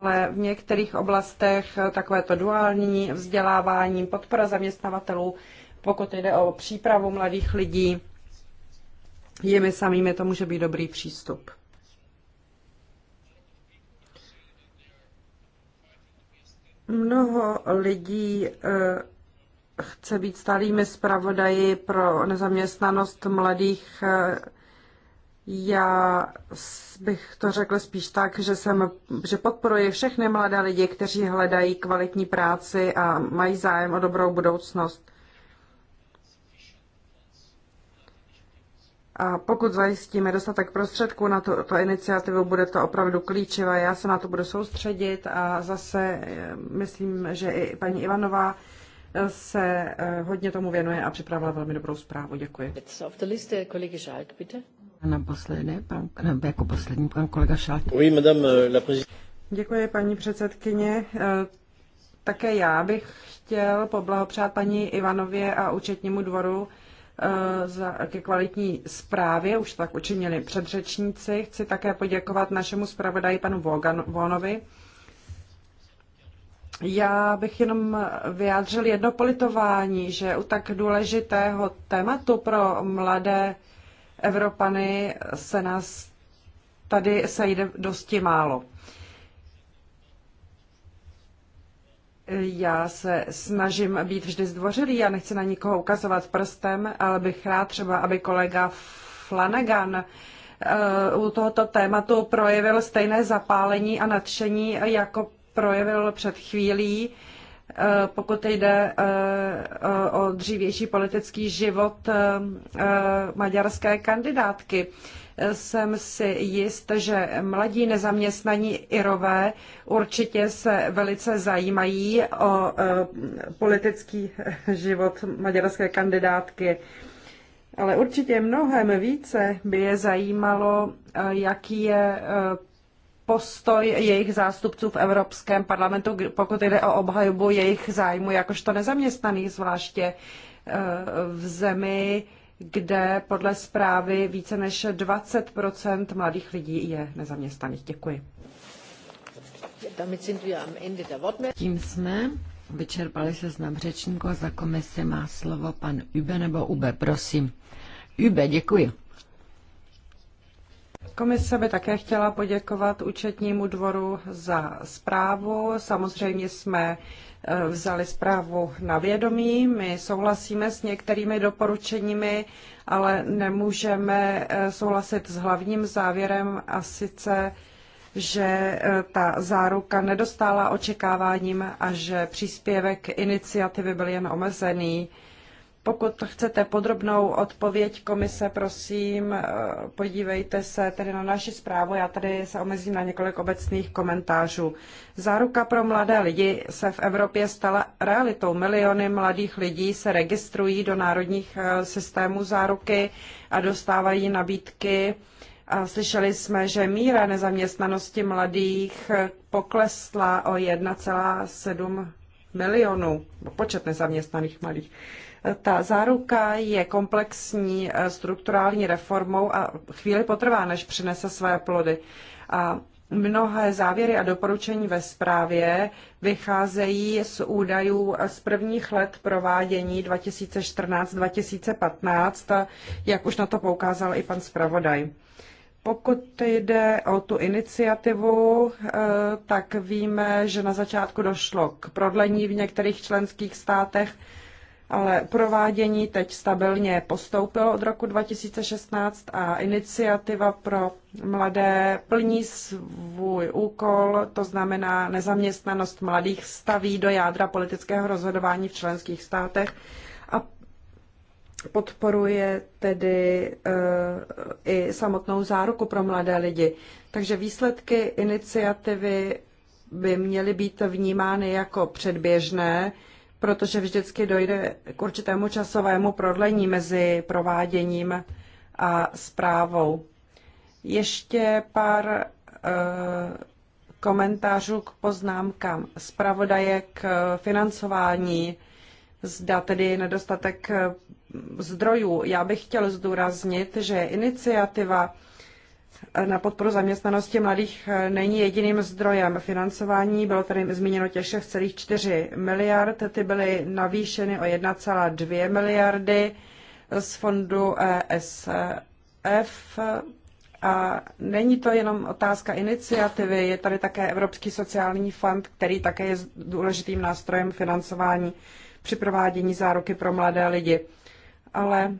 Ale v některých oblastech takovéto duální vzdělávání, podpora zaměstnavatelů, pokud jde o přípravu mladých lidí, jimi samými to může být dobrý přístup. Mnoho lidí eh, chce být stálými zpravodaji pro nezaměstnanost mladých. Eh, já bych to řekl spíš tak, že, jsem, že podporuji všechny mladé lidi, kteří hledají kvalitní práci a mají zájem o dobrou budoucnost. A pokud zajistíme dostatek prostředků na to, to iniciativu, bude to opravdu klíčové. Já se na to budu soustředit a zase eh, myslím, že i paní Ivanová eh, se eh, hodně tomu věnuje a připravila velmi dobrou zprávu. Děkuji. na naposledy, pan, jako poslední, pan kolega Šalk. Euh, Děkuji, paní předsedkyně. Také já bych chtěl poblahopřát paní Ivanově a účetnímu dvoru Eh, za, ke kvalitní zprávě, už tak učinili předřečníci. Chci také poděkovat našemu zpravodaji panu Vonovi. Já bych jenom vyjádřil jedno politování, že u tak důležitého tématu pro mladé Evropany se nás tady sejde dosti málo. Já se snažím být vždy zdvořilý, já nechci na nikoho ukazovat prstem, ale bych rád třeba, aby kolega Flanagan eh, u tohoto tématu projevil stejné zapálení a nadšení, jako projevil před chvílí, eh, pokud jde eh, o dřívější politický život maďarské kandidátky jsem si jist, že mladí nezaměstnaní Irové určitě se velice zajímají o e, politický život maďarské kandidátky. Ale určitě mnohem více by je zajímalo, e, jaký je e, postoj jejich zástupců v Evropském parlamentu, pokud jde o obhajobu jejich zájmu jakožto nezaměstnaných, zvláště v zemi, kde podle zprávy více než 20 mladých lidí je nezaměstnaných. Děkuji. Tím jsme vyčerpali se znám řečníku a za komisi má slovo pan Ube nebo Ube, prosím. Ube, děkuji. Komise by také chtěla poděkovat účetnímu dvoru za zprávu. Samozřejmě jsme Eh, vzali zprávu na vědomí. My souhlasíme s některými doporučeními, ale nemůžeme eh, souhlasit s hlavním závěrem a sice, že eh, ta záruka nedostála očekáváním a že příspěvek iniciativy byl jen omezený. Pokud chcete podrobnou odpověď komise, prosím, eh, podívejte se tedy na naši zprávu. Já tady se omezím na několik obecných komentářů. Záruka pro mladé lidi se v Evropě stala realitou. Miliony mladých lidí se registrují do národních eh, systémů záruky a dostávají nabídky. A slyšeli jsme, že míra nezaměstnanosti mladých eh, poklesla o 1,7 milionů, počet nezaměstnaných mladých. Ta záruka je komplexní eh, strukturální reformou a chvíli potrvá, než přinese své plody. A Mnohé závěry a doporučení ve zprávě vycházejí z údajů z prvních let provádění 2014-2015, eh, jak už na to poukázal i pan zpravodaj. Pokud jde o tu iniciativu, eh, tak víme, že na začátku došlo k prodlení v některých členských státech ale provádění teď stabilně postoupilo od roku 2016 a iniciativa pro mladé plní svůj úkol, to znamená nezaměstnanost mladých staví do jádra politického rozhodování v členských státech a podporuje tedy e, i samotnou záruku pro mladé lidi. Takže výsledky iniciativy by měly být vnímány jako předběžné, protože vždycky dojde k určitému časovému prodlení mezi prováděním a zprávou. Ještě pár e, komentářů k poznámkám zpravodaje k financování. Zda tedy nedostatek eh, zdrojů. Já bych chtěl zdůraznit, že iniciativa na podporu zaměstnanosti mladých eh, není jediným zdrojem financování. Bylo tady zmíněno těch 6,4 miliard, ty byly navýšeny o 1,2 miliardy z fondu ESF. A není to jenom otázka iniciativy, je tady také Evropský sociální fond, který také je důležitým nástrojem financování při provádění záruky pro mladé lidi. Ale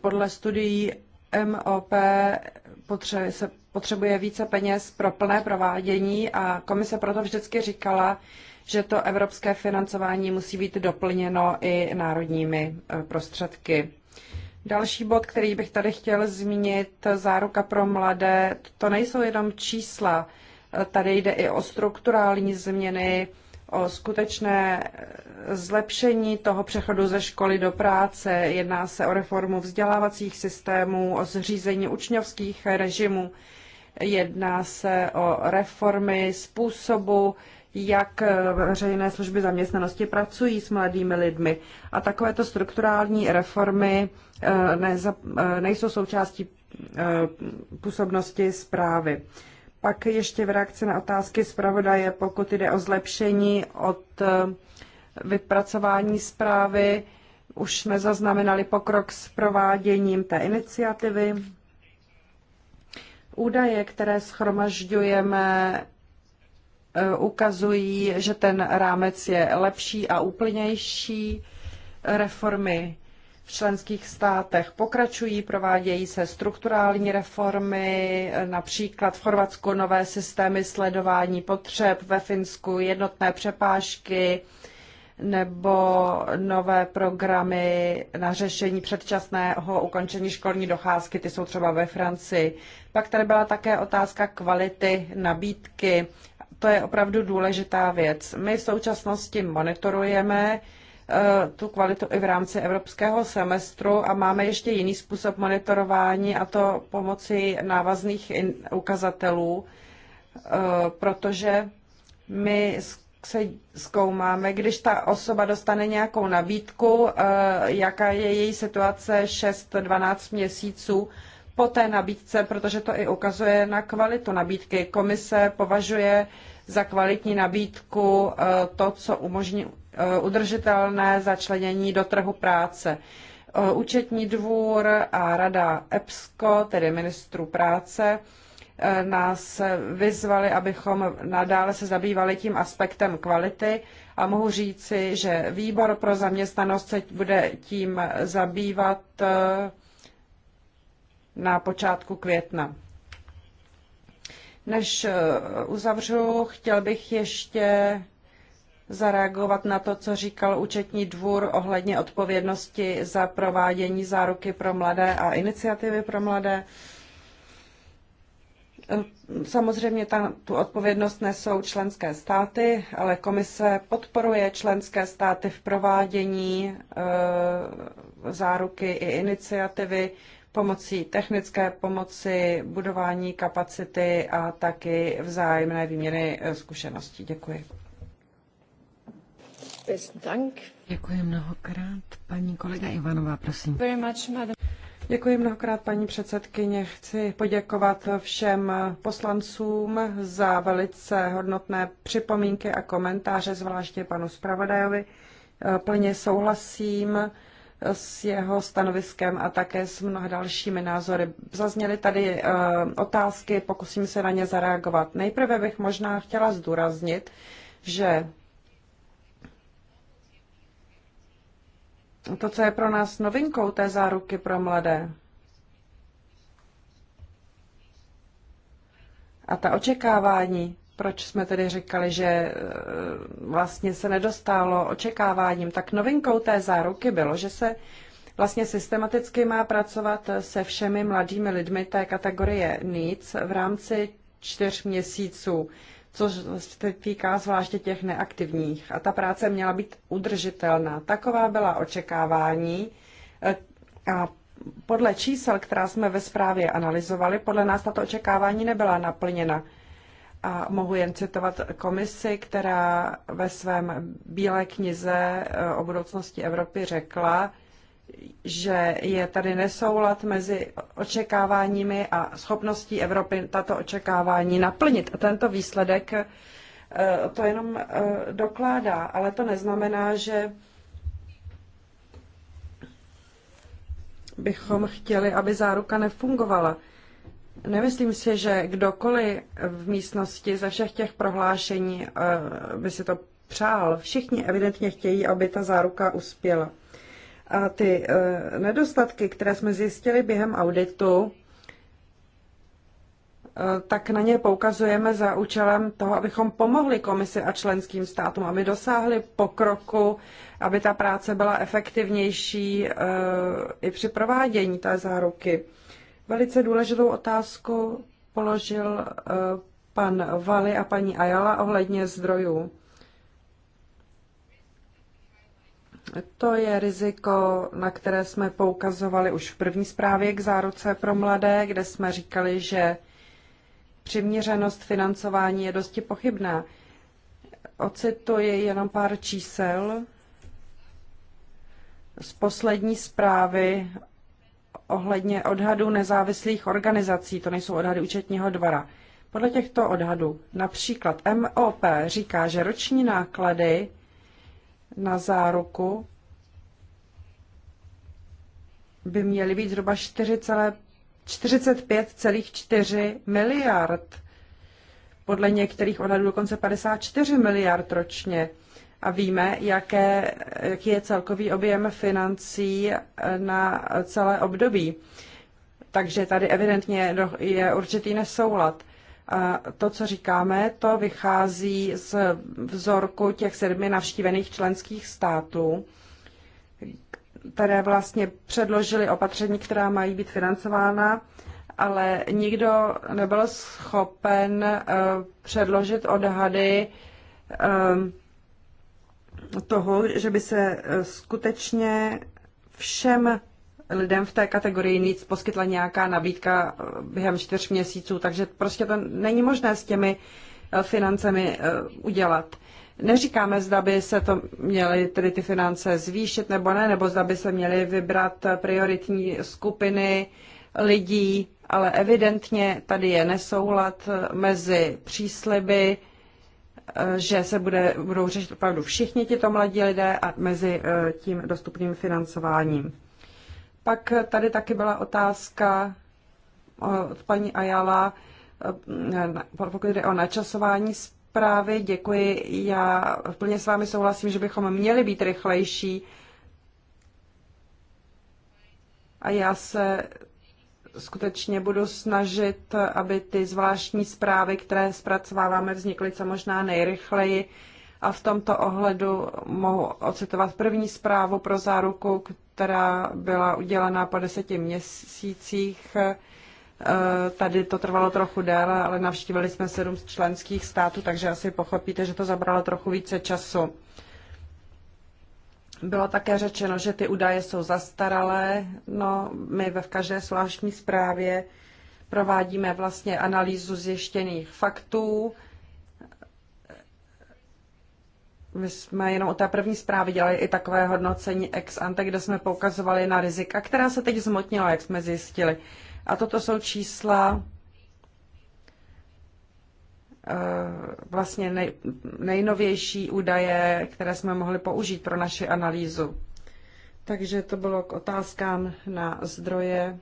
podle studií MOP potřebuje, se potřebuje více peněz pro plné provádění a komise proto vždycky říkala, že to evropské financování musí být doplněno i národními e, prostředky. Další bod, který bych tady chtěl zmínit, záruka pro mladé, to nejsou jenom čísla. E, tady jde i o strukturální změny, o skutečné zlepšení toho přechodu ze školy do práce. Jedná se o reformu vzdělávacích systémů, o zřízení učňovských režimů. Jedná se o reformy způsobu, jak veřejné služby zaměstnanosti pracují s mladými lidmi. A takovéto strukturální reformy eh, eh, nejsou součástí eh, působnosti zprávy. Pak ještě v reakci na otázky zpravodaje, pokud jde o zlepšení od vypracování zprávy. Už jsme zaznamenali pokrok s prováděním té iniciativy. Údaje, které schromažďujeme, eh, ukazují, že ten rámec je lepší a úplnější. Reformy v členských státech pokračují, provádějí se strukturální reformy, eh, například v Chorvatsku nové systémy sledování potřeb, ve Finsku jednotné přepážky, nebo nové programy na řešení předčasného ukončení školní docházky, ty jsou třeba ve Francii. Pak tady byla také otázka kvality nabídky. To je opravdu důležitá věc. My v současnosti monitorujeme eh, tu kvalitu i v rámci evropského semestru a máme ještě jiný způsob monitorování a to pomocí návazných ukazatelů, eh, protože my se zkoumáme, když ta osoba dostane nějakou nabídku, eh, jaká je její situace 6-12 měsíců po té nabídce, protože to i ukazuje na kvalitu nabídky. Komise považuje za kvalitní nabídku eh, to, co umožní eh, udržitelné začlenění do trhu práce. Účetní dvůr a rada EPSCO, tedy ministru práce, Eh, nás vyzvali, abychom nadále se zabývali tím aspektem kvality a mohu říci, že výbor pro zaměstnanost se bude tím zabývat eh, na počátku května. Než eh, uzavřu, chtěl bych ještě zareagovat na to, co říkal účetní dvůr ohledně odpovědnosti za provádění záruky pro mladé a iniciativy pro mladé. Eh, samozřejmě ta, tu odpovědnost nesou členské státy, ale komise podporuje členské státy v provádění eh, záruky i iniciativy pomocí technické pomoci, budování kapacity a taky vzájemné výměny eh, zkušeností. Děkuji. Děkuji mnohokrát. Paní kolega Ivanová, prosím. Děkuji mnohokrát, paní předsedkyně. Chci poděkovat všem poslancům za velice hodnotné připomínky a komentáře, zvláště panu zpravodajovi. Plně souhlasím s jeho stanoviskem a také s mnoha dalšími názory. Zazněly tady eh, otázky, pokusím se na ně zareagovat. Nejprve bych možná chtěla zdůraznit, že to, co je pro nás novinkou té záruky pro mladé. A ta očekávání, proč jsme tedy říkali, že eh, vlastně se nedostálo očekáváním, tak novinkou té záruky bylo, že se vlastně systematicky má pracovat se všemi mladými lidmi té kategorie needs v rámci čtyř měsíců což se týká zvláště těch neaktivních. A ta práce měla být udržitelná. Taková byla očekávání e, a podle čísel, která jsme ve zprávě analyzovali, podle nás tato očekávání nebyla naplněna. A mohu jen citovat komisi, která ve svém bílé knize e, o budoucnosti Evropy řekla, že je tady nesoulad mezi očekáváními a schopností Evropy tato očekávání naplnit. A tento výsledek eh, to jenom eh, dokládá, ale to neznamená, že bychom chtěli, aby záruka nefungovala. Nemyslím si, že kdokoliv v místnosti ze všech těch prohlášení eh, by si to přál. Všichni evidentně chtějí, aby ta záruka uspěla. A ty e, nedostatky, které jsme zjistili během auditu, e, tak na ně poukazujeme za účelem toho, abychom pomohli komisi a členským státům, aby dosáhli pokroku, aby ta práce byla efektivnější e, i při provádění té záruky. Velice důležitou otázku položil pan Vali a paní Ayala ohledně zdrojů. To je riziko, na které jsme poukazovali už v první zprávě k záruce pro mladé, kde jsme říkali, že přiměřenost financování je dosti pochybná. Ocituji jenom pár čísel z poslední zprávy ohledně odhadů nezávislých organizací, to nejsou odhady účetního dvora. Podle těchto odhadů například MOP říká, že roční náklady na záruku by měly být zhruba 45,4 miliard. Podle některých odhadů dokonce 54 miliard ročně. A víme, jaké, jaký je celkový objem financí eh, na celé období. Takže tady evidentně je určitý nesoulad to, co říkáme, to vychází z vzorku těch sedmi navštívených členských států, které vlastně předložili opatření, která mají být financována, ale nikdo nebyl schopen eh, předložit odhady eh, toho, že by se eh, skutečně všem lidem v té kategorii nic poskytla nějaká nabídka eh, během čtyř měsíců, takže prostě to není možné s těmi eh, financemi eh, udělat. Neříkáme, zda by se to měly tedy ty finance zvýšit nebo ne, nebo zda by se měly vybrat prioritní skupiny lidí, ale evidentně tady je nesoulad mezi přísliby, že se bude, budou řešit opravdu všichni tito mladí lidé a mezi tím dostupným financováním. Pak tady taky byla otázka od paní Ajala, pokud jde o načasování zprávy. Děkuji, já plně s vámi souhlasím, že bychom měli být rychlejší. A já se skutečně budu snažit, aby ty zvláštní zprávy, které zpracováváme, vznikly co možná nejrychleji. A v tomto ohledu mohu ocitovat první zprávu pro záruku, která byla udělaná po deseti měsících. Eh, tady to trvalo trochu déle, ale navštívili jsme sedm z členských států, takže asi pochopíte, že to zabralo trochu více času. Bylo také řečeno, že ty údaje jsou zastaralé. No, my ve každé zvláštní zprávě provádíme vlastně analýzu zjištěných faktů my jsme jenom u té první zprávy dělali i takové hodnocení ex ante, kde jsme poukazovali na rizika, která se teď zmotnila, jak jsme zjistili. A toto jsou čísla eh, vlastně nej, nejnovější údaje, které jsme mohli použít pro naši analýzu. Takže to bylo k otázkám na zdroje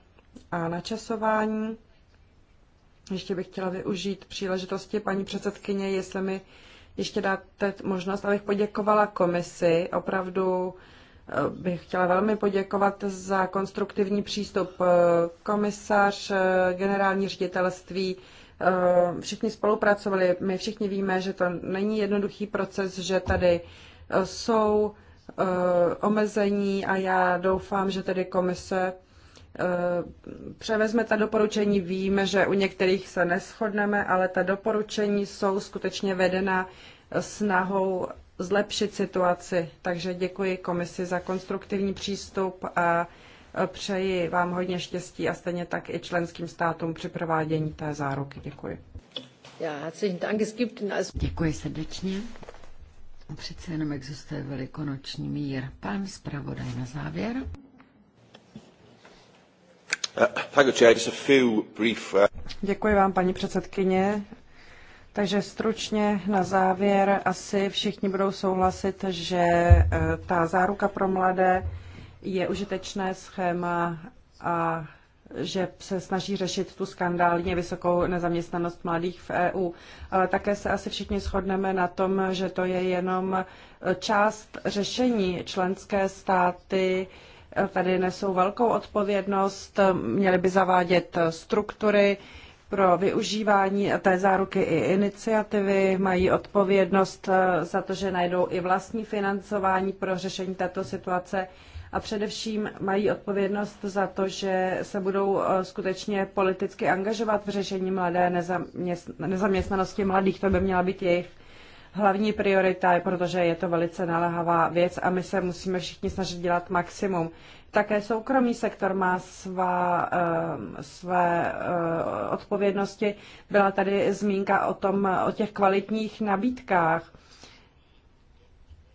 a na časování. Ještě bych chtěla využít příležitosti paní předsedkyně, jestli mi ještě dáte možnost, abych poděkovala komisi. Opravdu eh, bych chtěla velmi poděkovat za konstruktivní přístup. Eh, komisař, eh, generální ředitelství, všichni spolupracovali. My všichni víme, že to není jednoduchý proces, že tady jsou omezení a já doufám, že tedy komise Eh, převezme ta doporučení. Víme, že u některých se neschodneme, ale ta doporučení jsou skutečně vedena snahou zlepšit situaci. Takže děkuji komisi za konstruktivní přístup a eh, přeji vám hodně štěstí a stejně tak i členským státům při provádění té záruky. Děkuji. Děkuji srdečně. Přece jenom existuje velikonoční mír. Pan zpravodaj na závěr. Uh, Děkuji vám, paní předsedkyně. Takže stručně na závěr asi všichni budou souhlasit, že eh, ta záruka pro mladé je užitečné schéma a že se snaží řešit tu skandálně vysokou nezaměstnanost mladých v EU. Ale také se asi všichni shodneme na tom, že to je jenom eh, část řešení členské státy, tady nesou velkou odpovědnost, měly by zavádět struktury pro využívání té záruky i iniciativy, mají odpovědnost eh, za to, že najdou i vlastní financování pro řešení této situace a především mají odpovědnost za to, že se budou eh, skutečně politicky angažovat v řešení mladé nezaměstnanosti mladých. To by měla být jejich hlavní priorita, protože je to velice naléhavá věc a my se musíme všichni snažit dělat maximum. Také soukromý sektor má svá, ehm, své eh, odpovědnosti. Byla tady zmínka o, tom, o těch kvalitních nabídkách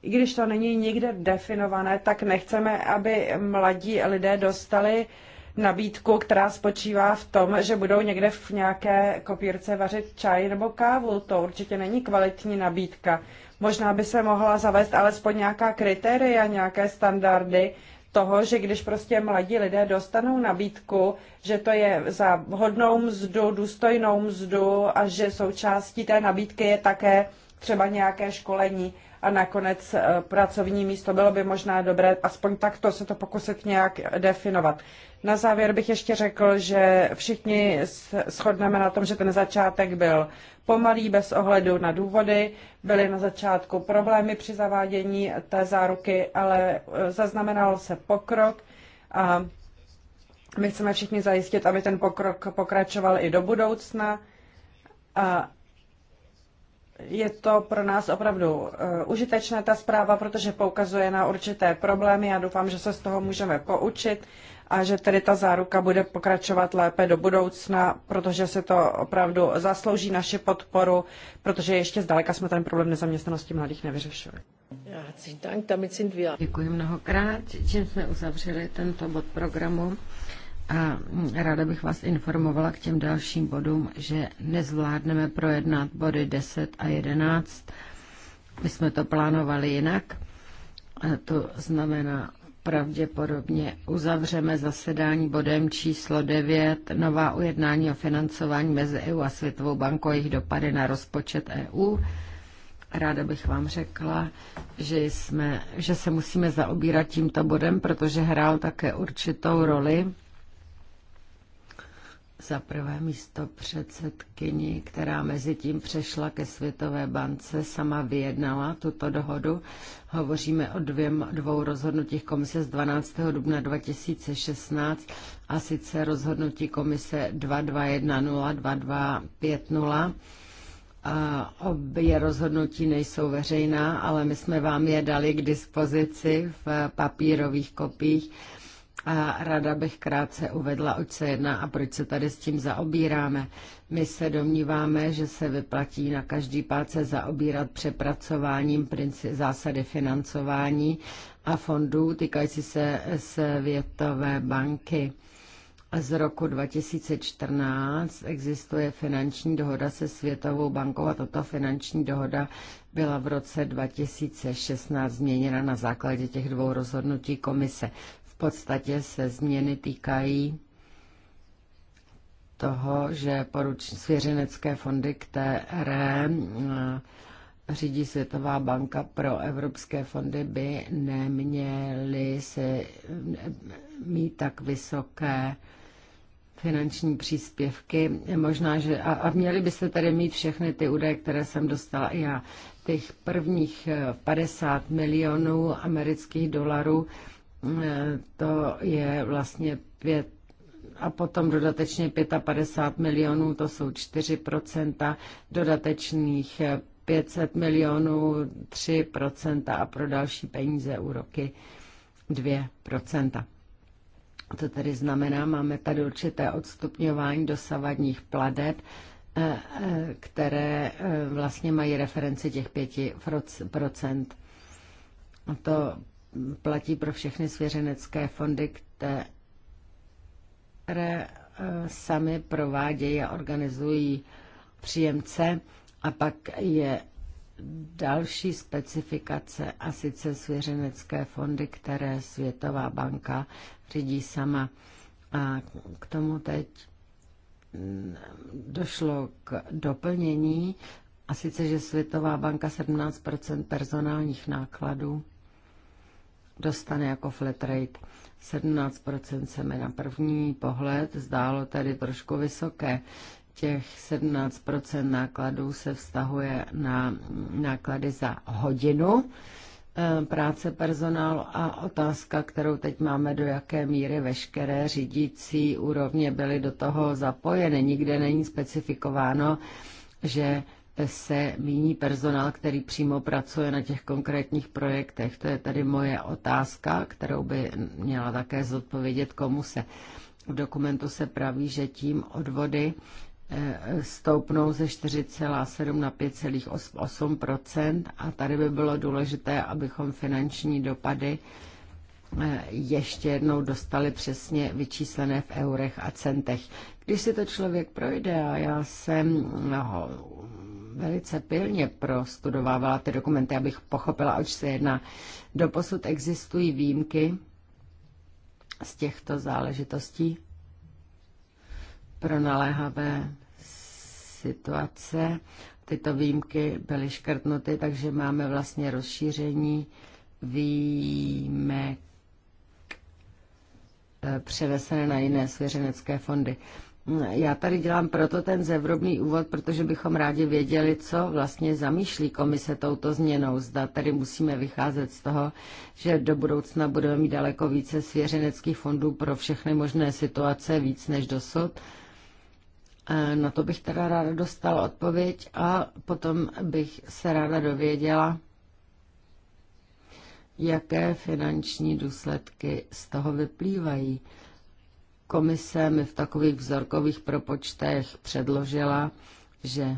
i když to není nikde definované, tak nechceme, aby mladí lidé dostali nabídku, která spočívá v tom, že budou někde v nějaké kopírce vařit čaj nebo kávu. To určitě není kvalitní nabídka. Možná by se mohla zavést alespoň nějaká kritéria, nějaké standardy toho, že když prostě mladí lidé dostanou nabídku, že to je za hodnou mzdu, důstojnou mzdu a že součástí té nabídky je také třeba nějaké školení a nakonec eh, pracovní místo. Bylo by možná dobré aspoň takto se to pokusit nějak definovat. Na závěr bych ještě řekl, že všichni shodneme na tom, že ten začátek byl pomalý bez ohledu na důvody. Byly na začátku problémy při zavádění té záruky, ale eh, zaznamenal se pokrok a my chceme všichni zajistit, aby ten pokrok pokračoval i do budoucna. A je to pro nás opravdu eh, užitečná ta zpráva, protože poukazuje na určité problémy. a doufám, že se z toho můžeme poučit a že tedy ta záruka bude pokračovat lépe do budoucna, protože se to opravdu zaslouží naši podporu, protože ještě zdaleka jsme ten problém nezaměstnanosti mladých nevyřešili. Děkuji mnohokrát, čím jsme uzavřeli tento bod programu. A ráda bych vás informovala k těm dalším bodům, že nezvládneme projednat body 10 a 11. My jsme to plánovali jinak. A to znamená, pravděpodobně uzavřeme zasedání bodem číslo 9, nová ujednání o financování mezi EU a Světovou bankou, jejich dopady na rozpočet EU. Ráda bych vám řekla, že, jsme, že se musíme zaobírat tímto bodem, protože hrál také určitou roli za prvé místo předsedkyni, která mezi tím přešla ke Světové bance, sama vyjednala tuto dohodu. Hovoříme o dvěm, dvou rozhodnutích komise z 12. dubna 2016 a sice rozhodnutí komise 2210-2250. A obě rozhodnutí nejsou veřejná, ale my jsme vám je dali k dispozici v papírových kopiích a ráda bych krátce uvedla, oč se jedná a proč se tady s tím zaobíráme. My se domníváme, že se vyplatí na každý páce zaobírat přepracováním zásady financování a fondů týkající se Světové banky. Z roku 2014 existuje finanční dohoda se Světovou bankou a tato finanční dohoda byla v roce 2016 změněna na základě těch dvou rozhodnutí komise podstatě se změny týkají toho, že poruč svěřenecké fondy, které eh, řídí Světová banka pro evropské fondy, by neměly se eh, mít tak vysoké finanční příspěvky. Možná, že a, a měli byste tady mít všechny ty údaje, které jsem dostala já. Těch prvních 50 eh, milionů amerických dolarů Eh, to je vlastně pět a potom dodatečně 55 milionů, to jsou 4 dodatečných 500 eh, milionů 3 a pro další peníze úroky 2 To tedy znamená, máme tady určité odstupňování dosavadních pladeb, eh, které vlastně mají referenci těch 5 A to platí pro všechny svěřenecké fondy, které eh, sami provádějí a organizují příjemce a pak je další specifikace a sice svěřenecké fondy, které Světová banka řídí sama. A k tomu teď mm, došlo k doplnění a sice, že Světová banka 17 personálních nákladů dostane jako flat rate. 17% se mi na první pohled zdálo tedy trošku vysoké. Těch 17% nákladů se vztahuje na náklady za hodinu eh, práce personálu a otázka, kterou teď máme, do jaké míry veškeré řídící úrovně byly do toho zapojeny. Nikde není specifikováno, že se míní personál, který přímo pracuje na těch konkrétních projektech? To je tady moje otázka, kterou by měla také zodpovědět komu se. V dokumentu se praví, že tím odvody eh, stoupnou ze 4,7 na 5,8 a tady by bylo důležité, abychom finanční dopady eh, ještě jednou dostali přesně vyčíslené v eurech a centech. Když si to člověk projde, a já jsem no, velice pilně prostudovávala ty dokumenty, abych pochopila, oč se jedná. Doposud existují výjimky z těchto záležitostí pro naléhavé situace. Tyto výjimky byly škrtnuty, takže máme vlastně rozšíření výjimek eh, přenesené na jiné svěřenecké fondy. Já tady dělám proto ten zevrobný úvod, protože bychom rádi věděli, co vlastně zamýšlí komise touto změnou. Zda tady musíme vycházet z toho, že do budoucna budeme mít daleko více svěřeneckých fondů pro všechny možné situace, víc než dosud. Na to bych teda ráda dostala odpověď a potom bych se ráda dověděla, jaké finanční důsledky z toho vyplývají Komise mi v takových vzorkových propočtech předložila, že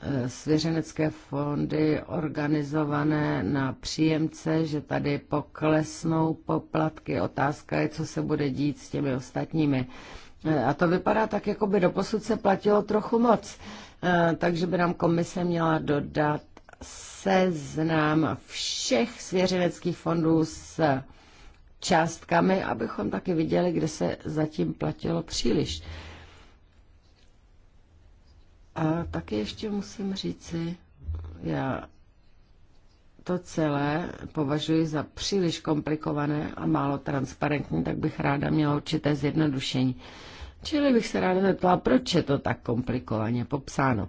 e, svěřenecké fondy organizované na příjemce, že tady poklesnou poplatky. Otázka je, co se bude dít s těmi ostatními. E, a to vypadá tak, jako by doposud se platilo trochu moc. E, takže by nám komise měla dodat seznam všech svěřeneckých fondů s částkami, abychom taky viděli, kde se zatím platilo příliš. A taky ještě musím říci, já to celé považuji za příliš komplikované a málo transparentní, tak bych ráda měla určité zjednodušení. Čili bych se ráda zeptala, proč je to tak komplikovaně popsáno.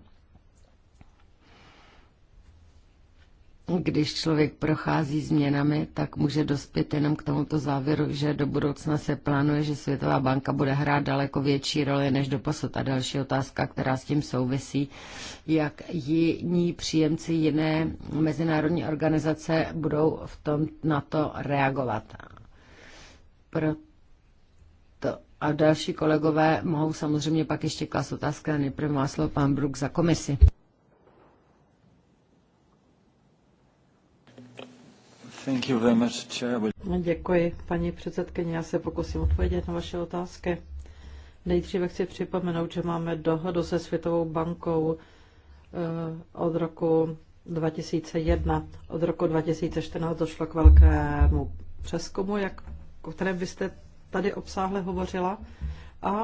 když člověk prochází změnami, tak může dospět jenom k tomuto závěru, že do budoucna se plánuje, že Světová banka bude hrát daleko větší roli než do posud. A další otázka, která s tím souvisí, jak jiní příjemci jiné mezinárodní organizace budou v tom na to reagovat. Proto a další kolegové mohou samozřejmě pak ještě klas otázky nejprve má slovo pan Brook za komisi. No, děkuji, paní předsedkyně. Já se pokusím odpovědět na vaše otázky. Nejdříve chci připomenout, že máme dohodu se Světovou bankou eh, od roku 2001. Od roku 2014 došlo k velkému přeskumu, jak, o kterém vy jste tady obsáhle hovořila. A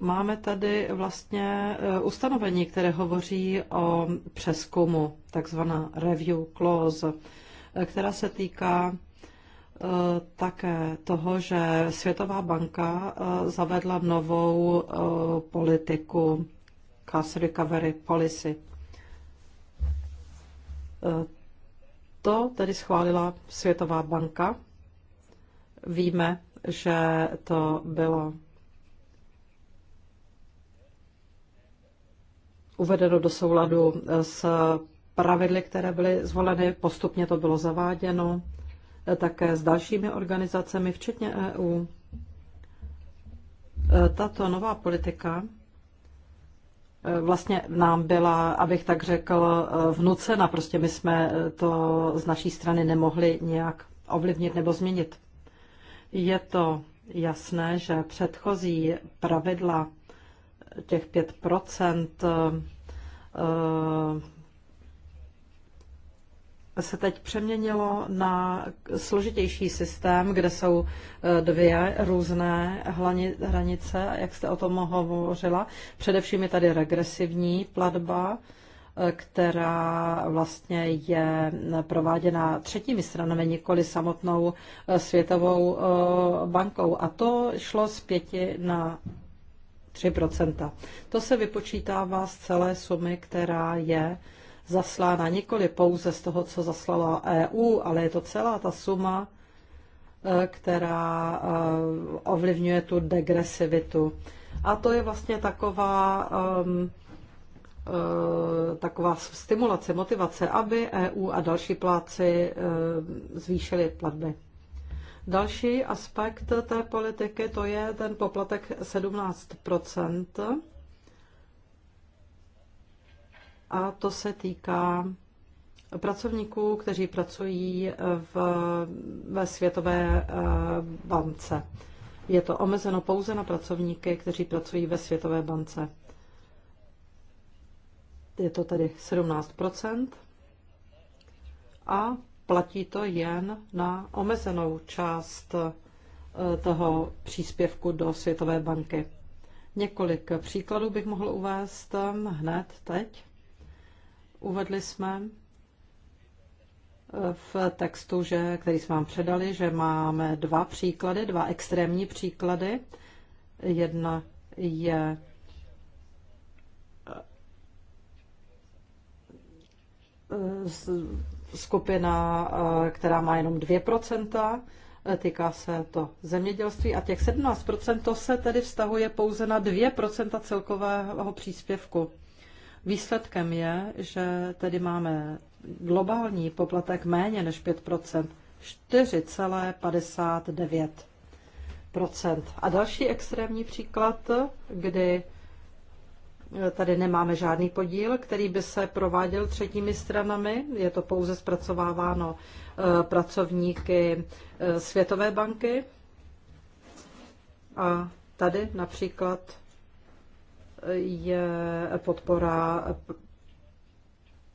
máme tady vlastně eh, ustanovení, které hovoří o přeskumu, takzvaná review clause. Eh, která se týká eh, také toho, že Světová banka eh, zavedla novou politiku Cash Recovery Policy. To tedy schválila Světová banka. Víme, že to bylo uvedeno do souladu s pravidly, které byly zvoleny. Postupně to bylo zaváděno e, také s dalšími organizacemi, včetně EU. E, tato nová politika e, vlastně nám byla, abych tak řekl, vnucena. Prostě my jsme to z naší strany nemohli nějak ovlivnit nebo změnit. Je to jasné, že předchozí pravidla těch 5 se teď přeměnilo na složitější systém, kde jsou eh, dvě různé hranice, jak jste o tom hovořila. Především je tady regresivní platba, eh, která vlastně je prováděna třetími stranami, nikoli samotnou eh, světovou bankou. A to šlo z pěti na 3 To se vypočítává z celé sumy, která je zaslána nikoli pouze z toho, co zaslala EU, ale je to celá ta suma, e, která e, ovlivňuje tu degresivitu. A to je vlastně taková, e, taková stimulace, motivace, aby EU a další pláci zvýšili platby. Další aspekt té politiky to je ten poplatek 17 a to se týká pracovníků, kteří pracují v, ve Světové eh, bance. Je to omezeno pouze na pracovníky, kteří pracují ve Světové bance. Je to tedy 17 a platí to jen na omezenou část eh, toho příspěvku do Světové banky. Několik příkladů bych mohl uvést eh, hned teď. Uvedli jsme eh, v textu, že, který jsme vám předali, že máme dva příklady, dva extrémní příklady. Jedna je eh, skupina, eh, která má jenom 2%, týká se to zemědělství a těch 17% to se tedy vztahuje pouze na 2% celkového příspěvku. Výsledkem je, že tedy máme globální poplatek méně než 5 4,59 A další extrémní příklad, kdy eh, tady nemáme žádný podíl, který by se prováděl třetími stranami, je to pouze zpracováváno eh, pracovníky eh, Světové banky. A tady například je podpora,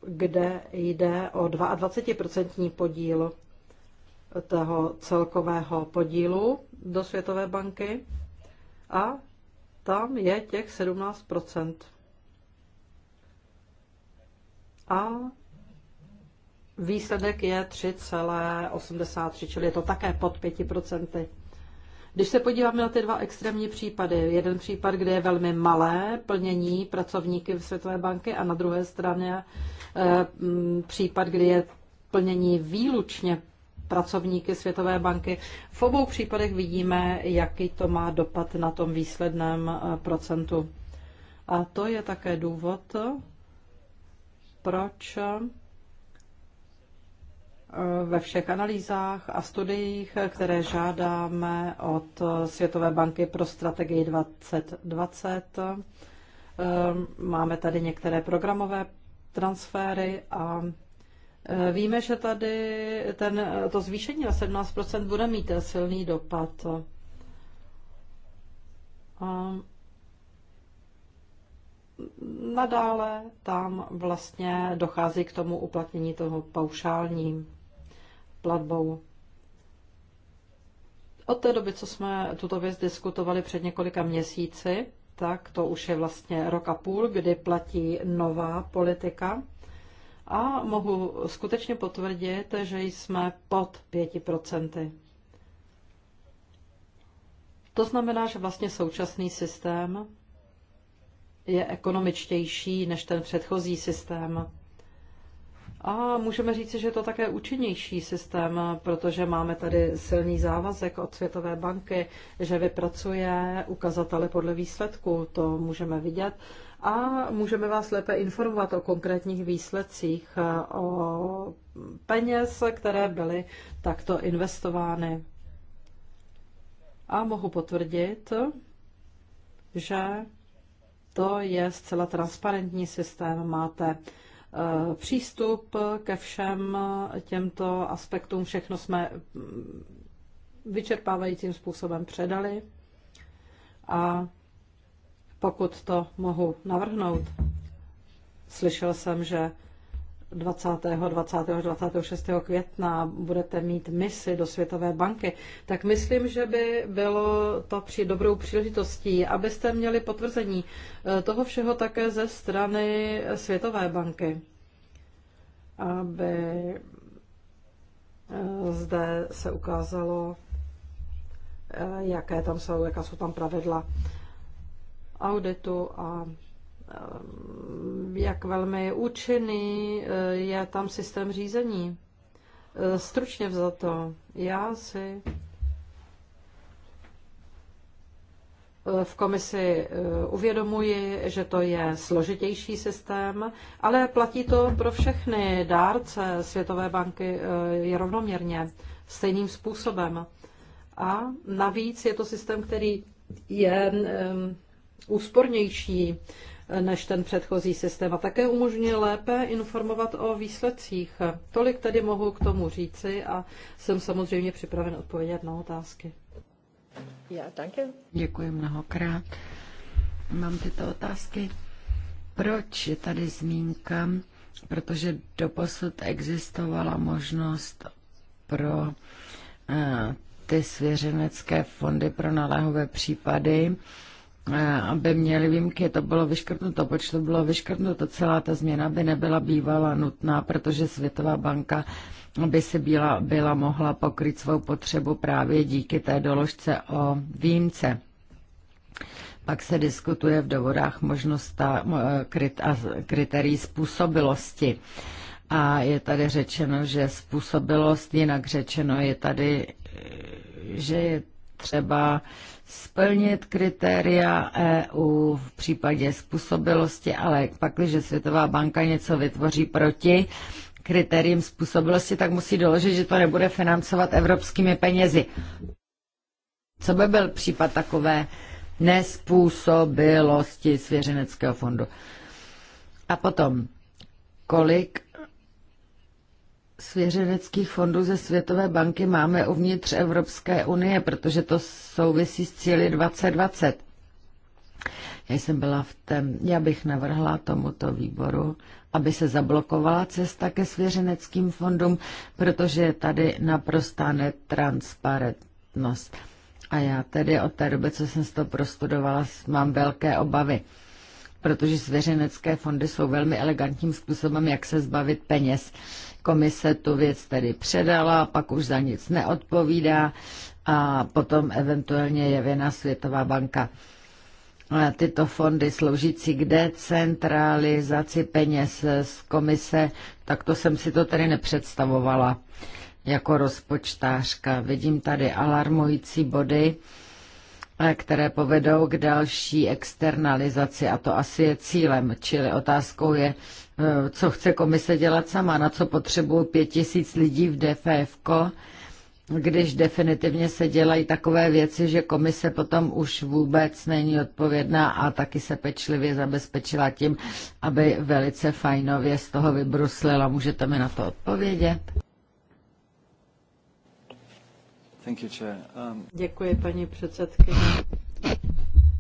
kde jde o 22% podíl toho celkového podílu do Světové banky a tam je těch 17 A výsledek je 3,83, čili je to také pod 5 když se podíváme na ty dva extrémní případy, jeden případ, kde je velmi malé plnění pracovníky v Světové banky a na druhé straně eh, mm, případ, kdy je plnění výlučně pracovníky Světové banky. V obou případech vidíme, jaký to má dopad na tom výsledném eh, procentu. A to je také důvod, proč Eh, ve všech analýzách a studiích, které žádáme od Světové banky pro strategii 2020. Eh, máme tady některé programové transfery a eh, víme, že tady ten, to zvýšení na 17% bude mít silný dopad. A nadále tam vlastně dochází k tomu uplatnění toho paušálním platbou. Od té doby, co jsme tuto věc diskutovali před několika měsíci, tak to už je vlastně rok a půl, kdy platí nová politika. A mohu skutečně potvrdit, že jsme pod 5%. To znamená, že vlastně současný systém je ekonomičtější než ten předchozí systém. A můžeme říci, že je to také účinnější systém, protože máme tady silný závazek od Světové banky, že vypracuje ukazatele podle výsledku, to můžeme vidět. A můžeme vás lépe informovat o konkrétních výsledcích, o peněz, které byly takto investovány. A mohu potvrdit, že to je zcela transparentní systém. Máte Eh, přístup ke všem těmto aspektům. Všechno jsme vyčerpávajícím způsobem předali a pokud to mohu navrhnout, slyšel jsem, že 20. 20. 26. května budete mít misi do Světové banky, tak myslím, že by bylo to při dobrou příležitostí, abyste měli potvrzení eh, toho všeho také ze strany Světové banky. Aby eh, zde se ukázalo, eh, jaké tam jsou, jaká jsou tam pravidla auditu a Ehm, jak velmi účinný eh, je tam systém řízení. Eh, stručně vzato, já si eh, v komisi uvědomuji, že to je složitější systém, ale platí to pro všechny dárce Světové banky je rovnoměrně, stejným způsobem. A navíc je to systém, který je ehm, úspornější než ten předchozí systém a také umožňuje lépe informovat o výsledcích. Tolik tedy mohu k tomu říci a jsem samozřejmě připraven odpovědět na otázky. Já také. Děkuji mnohokrát. Mám tyto otázky. Proč je tady zmínka? Protože doposud existovala možnost pro eh, ty svěřenecké fondy pro naléhové případy, Eh, aby měli výjimky, to bylo vyškrtnuto, proč to bylo vyškrtnuto, celá ta změna by nebyla bývala nutná, protože Světová banka by si byla, byla mohla pokryt svou potřebu právě díky té doložce o výjimce. Pak se diskutuje v dovodách možnost ta, eh, kryt a kritérií způsobilosti. A je tady řečeno, že způsobilost, jinak řečeno, je tady, eh, že je třeba splnit kritéria EU v případě způsobilosti, ale pak, když Světová banka něco vytvoří proti kritériím způsobilosti, tak musí doložit, že to nebude financovat evropskými penězi. Co by byl případ takové nespůsobilosti svěřeneckého fondu? A potom, kolik svěřeneckých fondů ze Světové banky máme uvnitř Evropské unie, protože to souvisí s cíli 2020. Já jsem byla v tém, já bych navrhla tomuto výboru, aby se zablokovala cesta ke svěřeneckým fondům, protože je tady naprostá netransparentnost. A já tedy od té doby, co jsem si to prostudovala, mám velké obavy protože svěřenecké fondy jsou velmi elegantním způsobem, jak se zbavit peněz. Komise tu věc tedy předala, pak už za nic neodpovídá a potom eventuálně je věna Světová banka. Tyto fondy sloužící k decentralizaci peněz z komise, tak to jsem si to tedy nepředstavovala jako rozpočtářka. Vidím tady alarmující body které povedou k další externalizaci a to asi je cílem, čili otázkou je, eh, co chce komise dělat sama, na co potřebují pět tisíc lidí v DFFK, když definitivně se dělají takové věci, že komise potom už vůbec není odpovědná a taky se pečlivě zabezpečila tím, aby velice fajnově z toho vybruslila. Můžete mi na to odpovědět? Um, Děkuji, paní předsedkyně.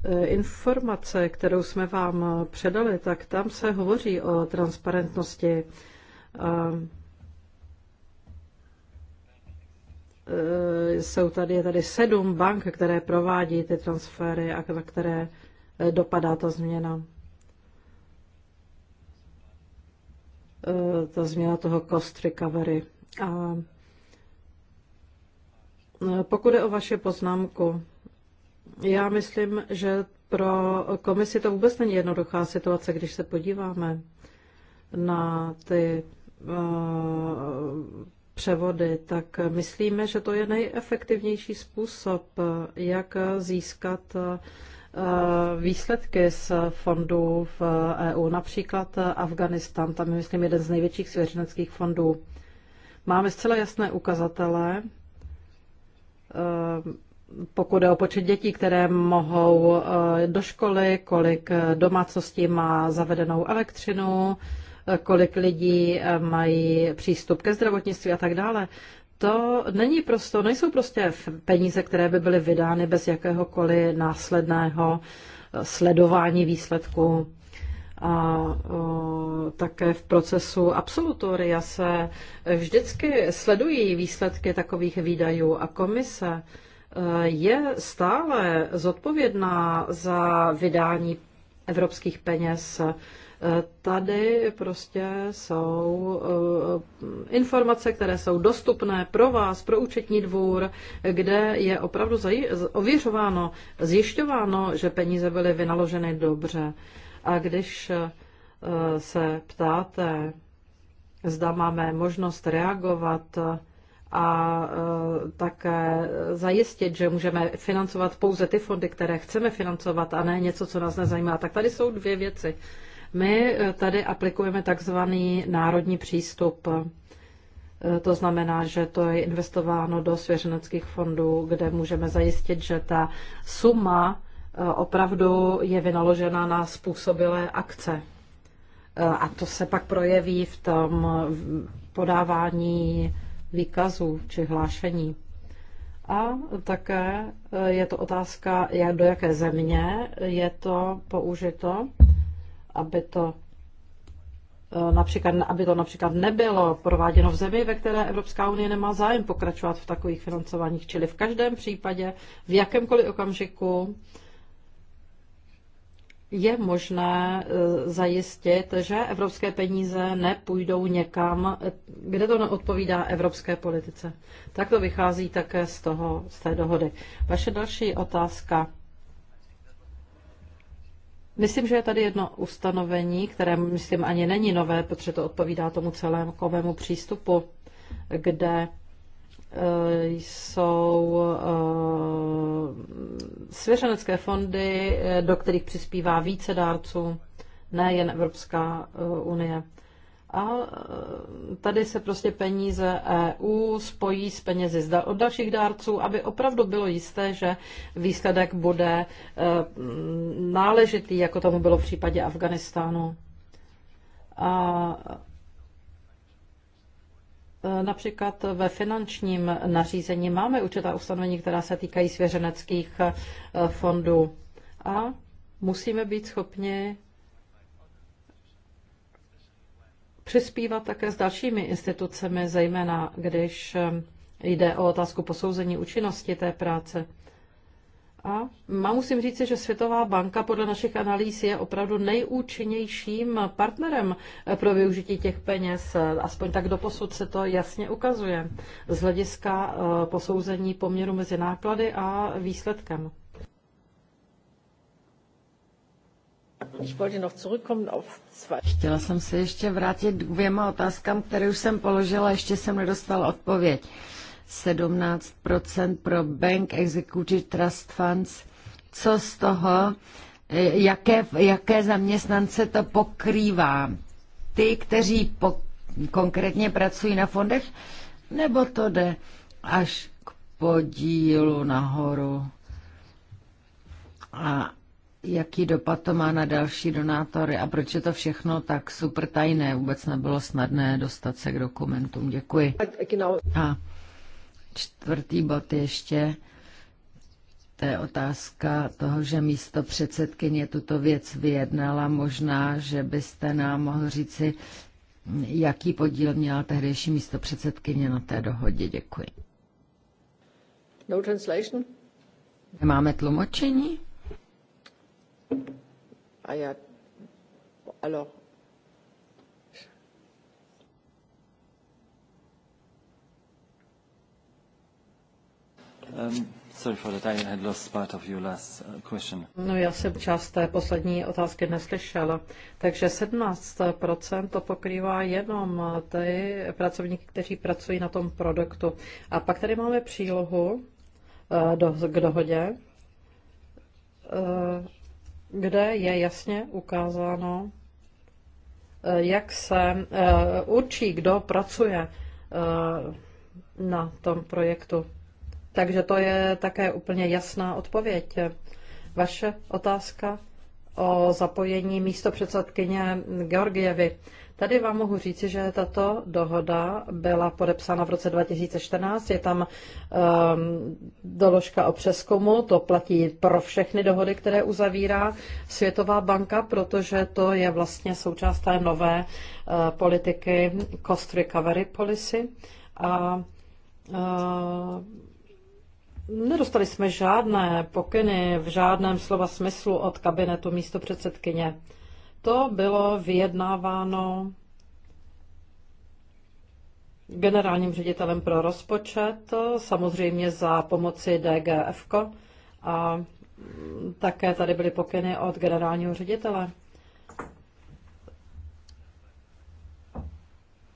E, informace, kterou jsme vám předali, tak tam se hovoří o transparentnosti. E, jsou tady, je tady sedm bank, které provádí ty transfery a na které e, dopadá ta změna. Ta změna toho cost recovery. A pokud je o vaše poznámku, já myslím, že pro komisi to vůbec není jednoduchá situace, když se podíváme na ty eh, převody, tak myslíme, že to je nejefektivnější způsob, jak získat eh, výsledky z fondů v EU. Například Afganistan, tam je, myslím, jeden z největších svěřeneckých fondů. Máme zcela jasné ukazatele, Eh, pokud je o počet dětí, které mohou eh, do školy, kolik eh, domácností má zavedenou elektřinu, kolik lidí mají přístup ke zdravotnictví a tak dále. To není prosto, nejsou prostě peníze, které by byly vydány bez jakéhokoliv následného sledování výsledku. A e, také v procesu absolutoria se vždycky sledují výsledky takových výdajů a komise e, je stále zodpovědná za vydání evropských peněz. E, tady prostě jsou informace, které jsou dostupné pro vás, pro účetní dvůr, kde je opravdu ověřováno, zjišťováno, že peníze byly vynaloženy dobře. A když eh, se ptáte, zda máme možnost reagovat a eh, také zajistit, že můžeme financovat pouze ty fondy, které chceme financovat a ne něco, co nás nezajímá, tak tady jsou dvě věci. My eh, tady aplikujeme takzvaný národní přístup. To znamená, že to je investováno do svěřeneckých fondů, kde můžeme zajistit, že ta suma Eh, opravdu je vynaložena na způsobilé akce. Eh, a to se pak projeví v tom podávání výkazů či hlášení. A také eh, je to otázka, jak do jaké země je to použito, aby to například, aby to například nebylo prováděno v zemi, ve které Evropská unie nemá zájem pokračovat v takových financováních, čili v každém případě, v jakémkoliv okamžiku je možné e, zajistit, že evropské peníze nepůjdou někam, e, kde to neodpovídá evropské politice. Tak to vychází také z, toho, z té dohody. Vaše další otázka. Myslím, že je tady jedno ustanovení, které, myslím, ani není nové, protože to odpovídá tomu celému kovému přístupu, kde Eh, jsou eh, svěřenecké fondy, eh, do kterých přispívá více dárců, nejen Evropská unie. A tady se prostě peníze EU spojí s penězi od dalších dárců, aby opravdu bylo jisté, že výsledek bude náležitý, jako tomu bylo v případě Afganistánu. A E, například ve finančním nařízení máme určitá ustanovení, která se týkají svěřeneckých e, fondů a musíme být schopni přispívat také s dalšími institucemi, zejména když e, jde o otázku posouzení účinnosti té práce. A má musím říct, že Světová banka podle našich analýz je opravdu nejúčinnějším partnerem eh, pro využití těch peněz. Aspoň tak do posud se to jasně ukazuje z hlediska eh, posouzení poměru mezi náklady a výsledkem. Chtěla jsem se ještě vrátit k dvěma otázkám, které už jsem položila, ještě jsem nedostala odpověď. 17 pro Bank Executive Trust Funds. Co z toho, e, jaké, jaké zaměstnance to pokrývá? Ty, kteří po, konkrétně pracují na fondech, nebo to jde až k podílu nahoru? A jaký dopad to má na další donátory a proč je to všechno tak super tajné. Vůbec nebylo snadné dostat se k dokumentům. Děkuji. A Čtvrtý bod ještě, to je otázka toho, že místo předsedkyně tuto věc vyjednala. Možná, že byste nám mohl říci, jaký podíl měla tehdejší místo předsedkyně na té dohodě. Děkuji. No translation? Nemáme tlumočení? A já, alors, Um, sorry for that, I had lost part of your last uh, question. No já jsem část té poslední otázky neslyšela. Takže 17% to pokrývá jenom ty pracovníky, kteří pracují na tom produktu. A pak tady máme přílohu eh, do, k dohodě, eh, kde je jasně ukázáno, eh, jak se určí, kdo pracuje na tom projektu. Takže to je také úplně jasná odpověď. Vaše otázka o zapojení místo předsedkyně Georgievy. Tady vám mohu říci, že tato dohoda byla podepsána v roce 2014. Je tam um, doložka o přeskumu, to platí pro všechny dohody, které uzavírá Světová banka, protože to je vlastně součást té nové uh, politiky Cost Recovery Policy. A uh, Nedostali jsme žádné pokyny v žádném slova smyslu od kabinetu místo předsedkyně. To bylo vyjednáváno generálním ředitelem pro rozpočet, samozřejmě za pomoci DGF -ko a také tady byly pokyny od generálního ředitele.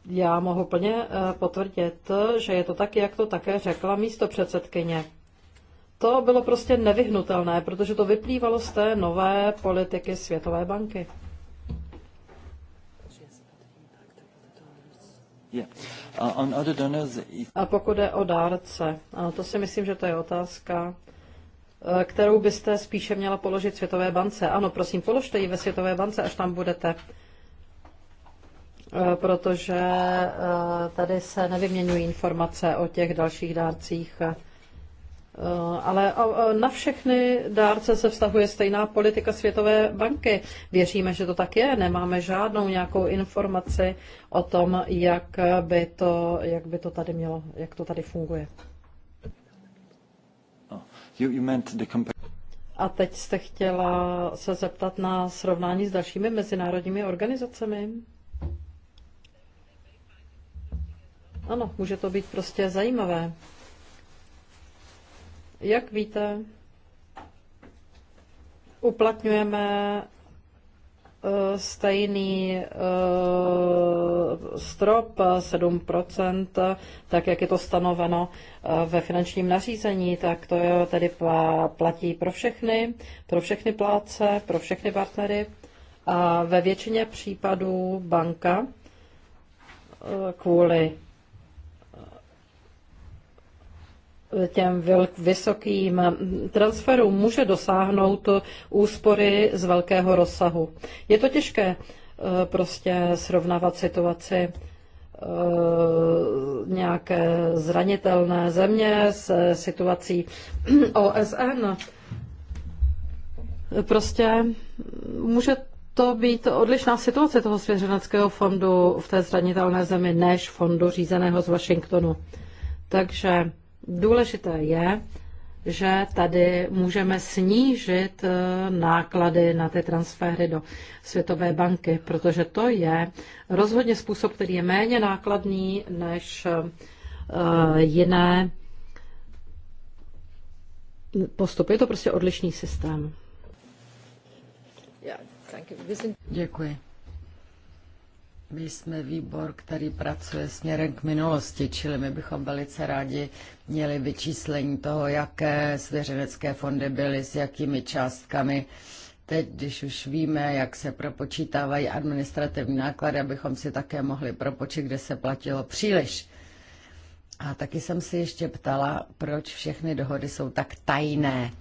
Já mohu plně eh, potvrdit, že je to tak, jak to také řekla místo předsedkyně. To bylo prostě nevyhnutelné, protože to vyplývalo z té nové politiky Světové banky. Uh, a pokud je o dárce, to si myslím, že to je otázka, eh, kterou byste spíše měla položit Světové bance. Ano, prosím, položte ji ve Světové bance, až tam budete. Eh, protože eh, tady se nevyměňují informace o těch dalších dárcích Eh, ale eh, na všechny dárce se vztahuje stejná politika Světové banky. Věříme, že to tak je. Nemáme žádnou nějakou informaci o tom, jak by to, jak by to tady mělo, jak to tady funguje. Oh, A teď jste chtěla se zeptat na srovnání s dalšími mezinárodními organizacemi? Ano, může to být prostě zajímavé. Jak víte, uplatňujeme eh, stejný eh, strop 7%, tak jak je to stanoveno eh, ve finančním nařízení, tak to je, tedy platí pro všechny, pro všechny pláce, pro všechny partnery. A ve většině případů banka kvůli těm vysokým transferům může dosáhnout úspory z velkého rozsahu. Je to těžké eh, prostě srovnávat situaci eh, nějaké zranitelné země s situací OSN. Prostě může to být odlišná situace toho svěřeneckého fondu v té zranitelné zemi než fondu řízeného z Washingtonu. Takže Důležité je, že tady můžeme snížit eh, náklady na ty transfery do Světové banky, protože to je rozhodně způsob, který je méně nákladný než eh, jiné postupy. Je to prostě odlišný systém. Děkuji. My jsme výbor, který pracuje směrem k minulosti, čili my bychom velice rádi měli vyčíslení toho, jaké svěřenecké fondy byly, s jakými částkami. Teď, když už víme, jak se propočítávají administrativní náklady, abychom si také mohli propočít, kde se platilo příliš. A taky jsem si ještě ptala, proč všechny dohody jsou tak tajné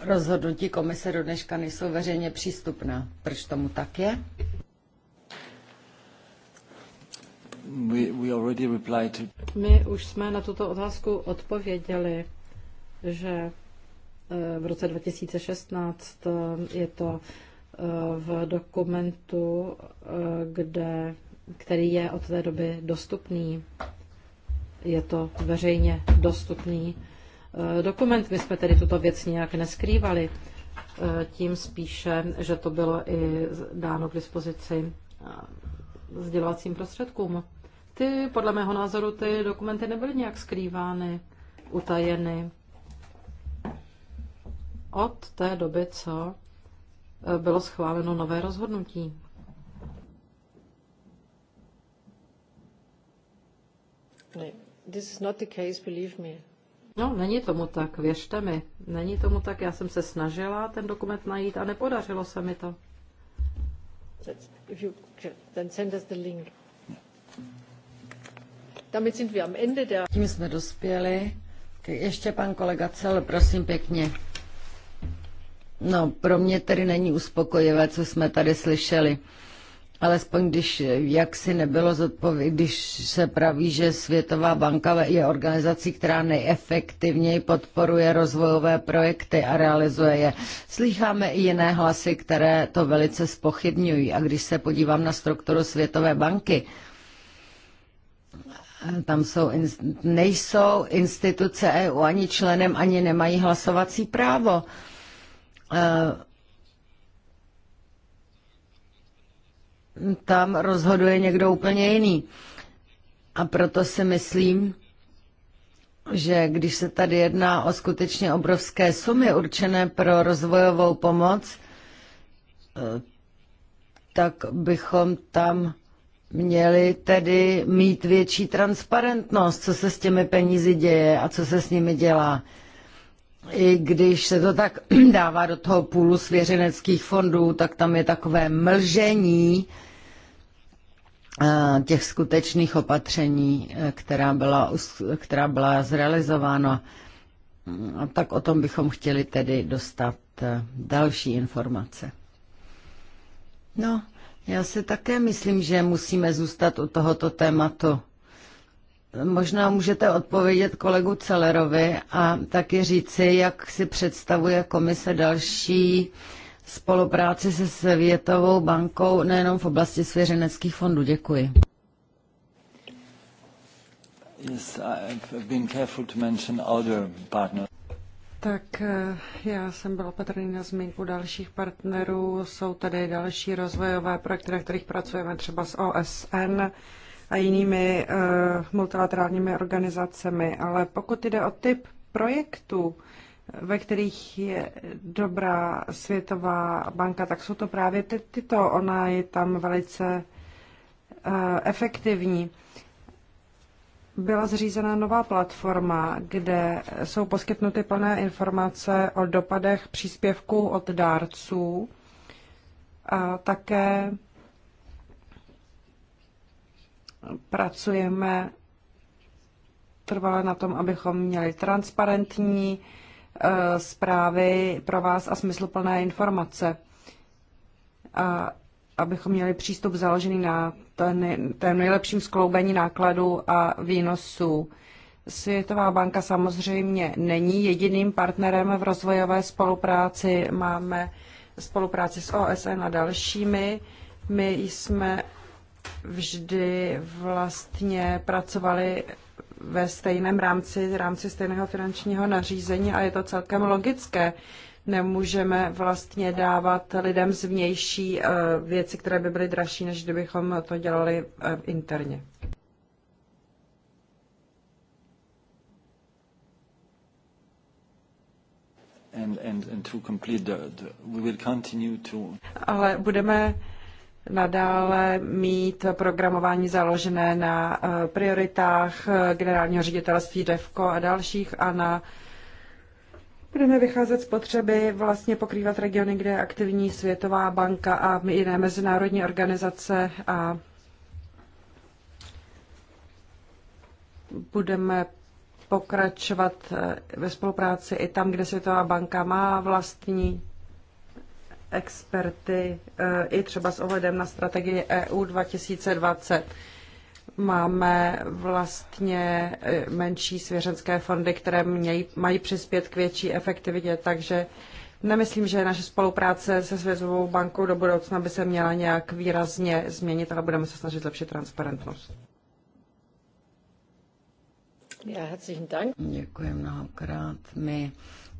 rozhodnutí komise do dneška nejsou veřejně přístupná. Proč tomu tak je? My už jsme na tuto otázku odpověděli, že eh, v roce 2016 eh, je to eh, v dokumentu, kde, který je od té doby dostupný. Je to veřejně dostupný Eh, dokument. My jsme tedy tuto věc nějak neskrývali, eh, tím spíše, že to bylo i dáno k dispozici eh, sdělovacím prostředkům. Ty, podle mého názoru, ty dokumenty nebyly nějak skrývány, utajeny. Od té doby, co bylo schváleno nové rozhodnutí. This is not the case, believe me. No, není tomu tak, věřte mi. Není tomu tak, já jsem se snažila ten dokument najít a nepodařilo se mi to. Tím jsme dospěli. Ještě pan kolega Cel, prosím pěkně. No, pro mě tedy není uspokojivé, co jsme tady slyšeli alespoň když jak si nebylo zodpověď, když se praví, že Světová banka je organizací, která nejefektivněji podporuje rozvojové projekty a realizuje je. Slycháme i jiné hlasy, které to velice spochybňují. A když se podívám na strukturu Světové banky, tam jsou, nejsou instituce EU ani členem, ani nemají hlasovací právo. Uh, tam rozhoduje někdo úplně jiný. A proto si myslím, že když se tady jedná o skutečně obrovské sumy určené pro rozvojovou pomoc, eh, tak bychom tam měli tedy mít větší transparentnost, co se s těmi penízi děje a co se s nimi dělá. I když se to tak dává do toho půlu svěřeneckých fondů, tak tam je takové mlžení, Eh, těch skutečných opatření, eh, která byla, která byla zrealizována, tak o tom bychom chtěli tedy dostat eh, další informace. No, já si také myslím, že musíme zůstat u tohoto tématu. Možná můžete odpovědět kolegu Celerovi a taky říci, jak si představuje komise další uh, spolupráci se Světovou bankou nejenom v oblasti svěřeneckých fondů. Děkuji. Yes, been careful to mention other partners. Tak eh, já jsem byla patrný na zmínku dalších partnerů. Jsou tady další rozvojové projekty, na kterých pracujeme třeba s OSN a jinými uh, multilaterálními organizacemi. Ale pokud jde o typ projektů, ve kterých je dobrá světová banka, tak jsou to právě ty, tyto. Ona je tam velice uh, efektivní. Byla zřízena nová platforma, kde jsou poskytnuty plné informace o dopadech příspěvků od dárců a také pracujeme trvale na tom, abychom měli transparentní uh, Eh, zprávy pro vás a smysluplné informace. A abychom měli přístup založený na tém nejlepším skloubení nákladů a výnosů. Světová banka samozřejmě není jediným partnerem v rozvojové spolupráci. Máme spolupráci s OSN a dalšími. My jsme vždy vlastně pracovali ve stejném rámci, rámci stejného finančního nařízení a je to celkem logické. Nemůžeme vlastně dávat lidem zvnější eh, věci, které by byly dražší, než kdybychom to dělali eh, interně. And, and, and to complete the, the, we will continue to... Ale budeme nadále mít programování založené na eh, prioritách eh, generálního ředitelství DEVKO a dalších a na Budeme vycházet z potřeby vlastně pokrývat regiony, kde je aktivní Světová banka a jiné mezinárodní organizace a budeme pokračovat eh, ve spolupráci i tam, kde Světová banka má vlastní experty eh, i třeba s ohledem na strategii EU 2020. Máme vlastně eh, menší svěřenské fondy, které měj, mají přispět k větší efektivitě, takže nemyslím, že naše spolupráce se Světovou bankou do budoucna by se měla nějak výrazně změnit, ale budeme se snažit zlepšit transparentnost. Děkuji mnohokrát. My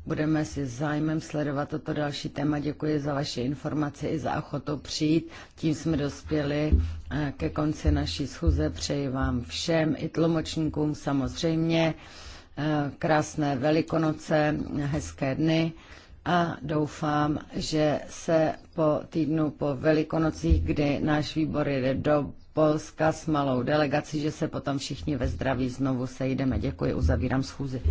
Budeme si zájmem sledovat toto další téma. Děkuji za vaše informace i za ochotu přijít. Tím jsme dospěli eh, ke konci naší schůze. Přeji vám všem i tlumočníkům samozřejmě eh, krásné velikonoce, hezké dny a doufám, že se po týdnu po velikonocích, kdy náš výbor jede do Polska s malou delegací, že se potom všichni ve zdraví znovu sejdeme. Děkuji, uzavírám schůzi.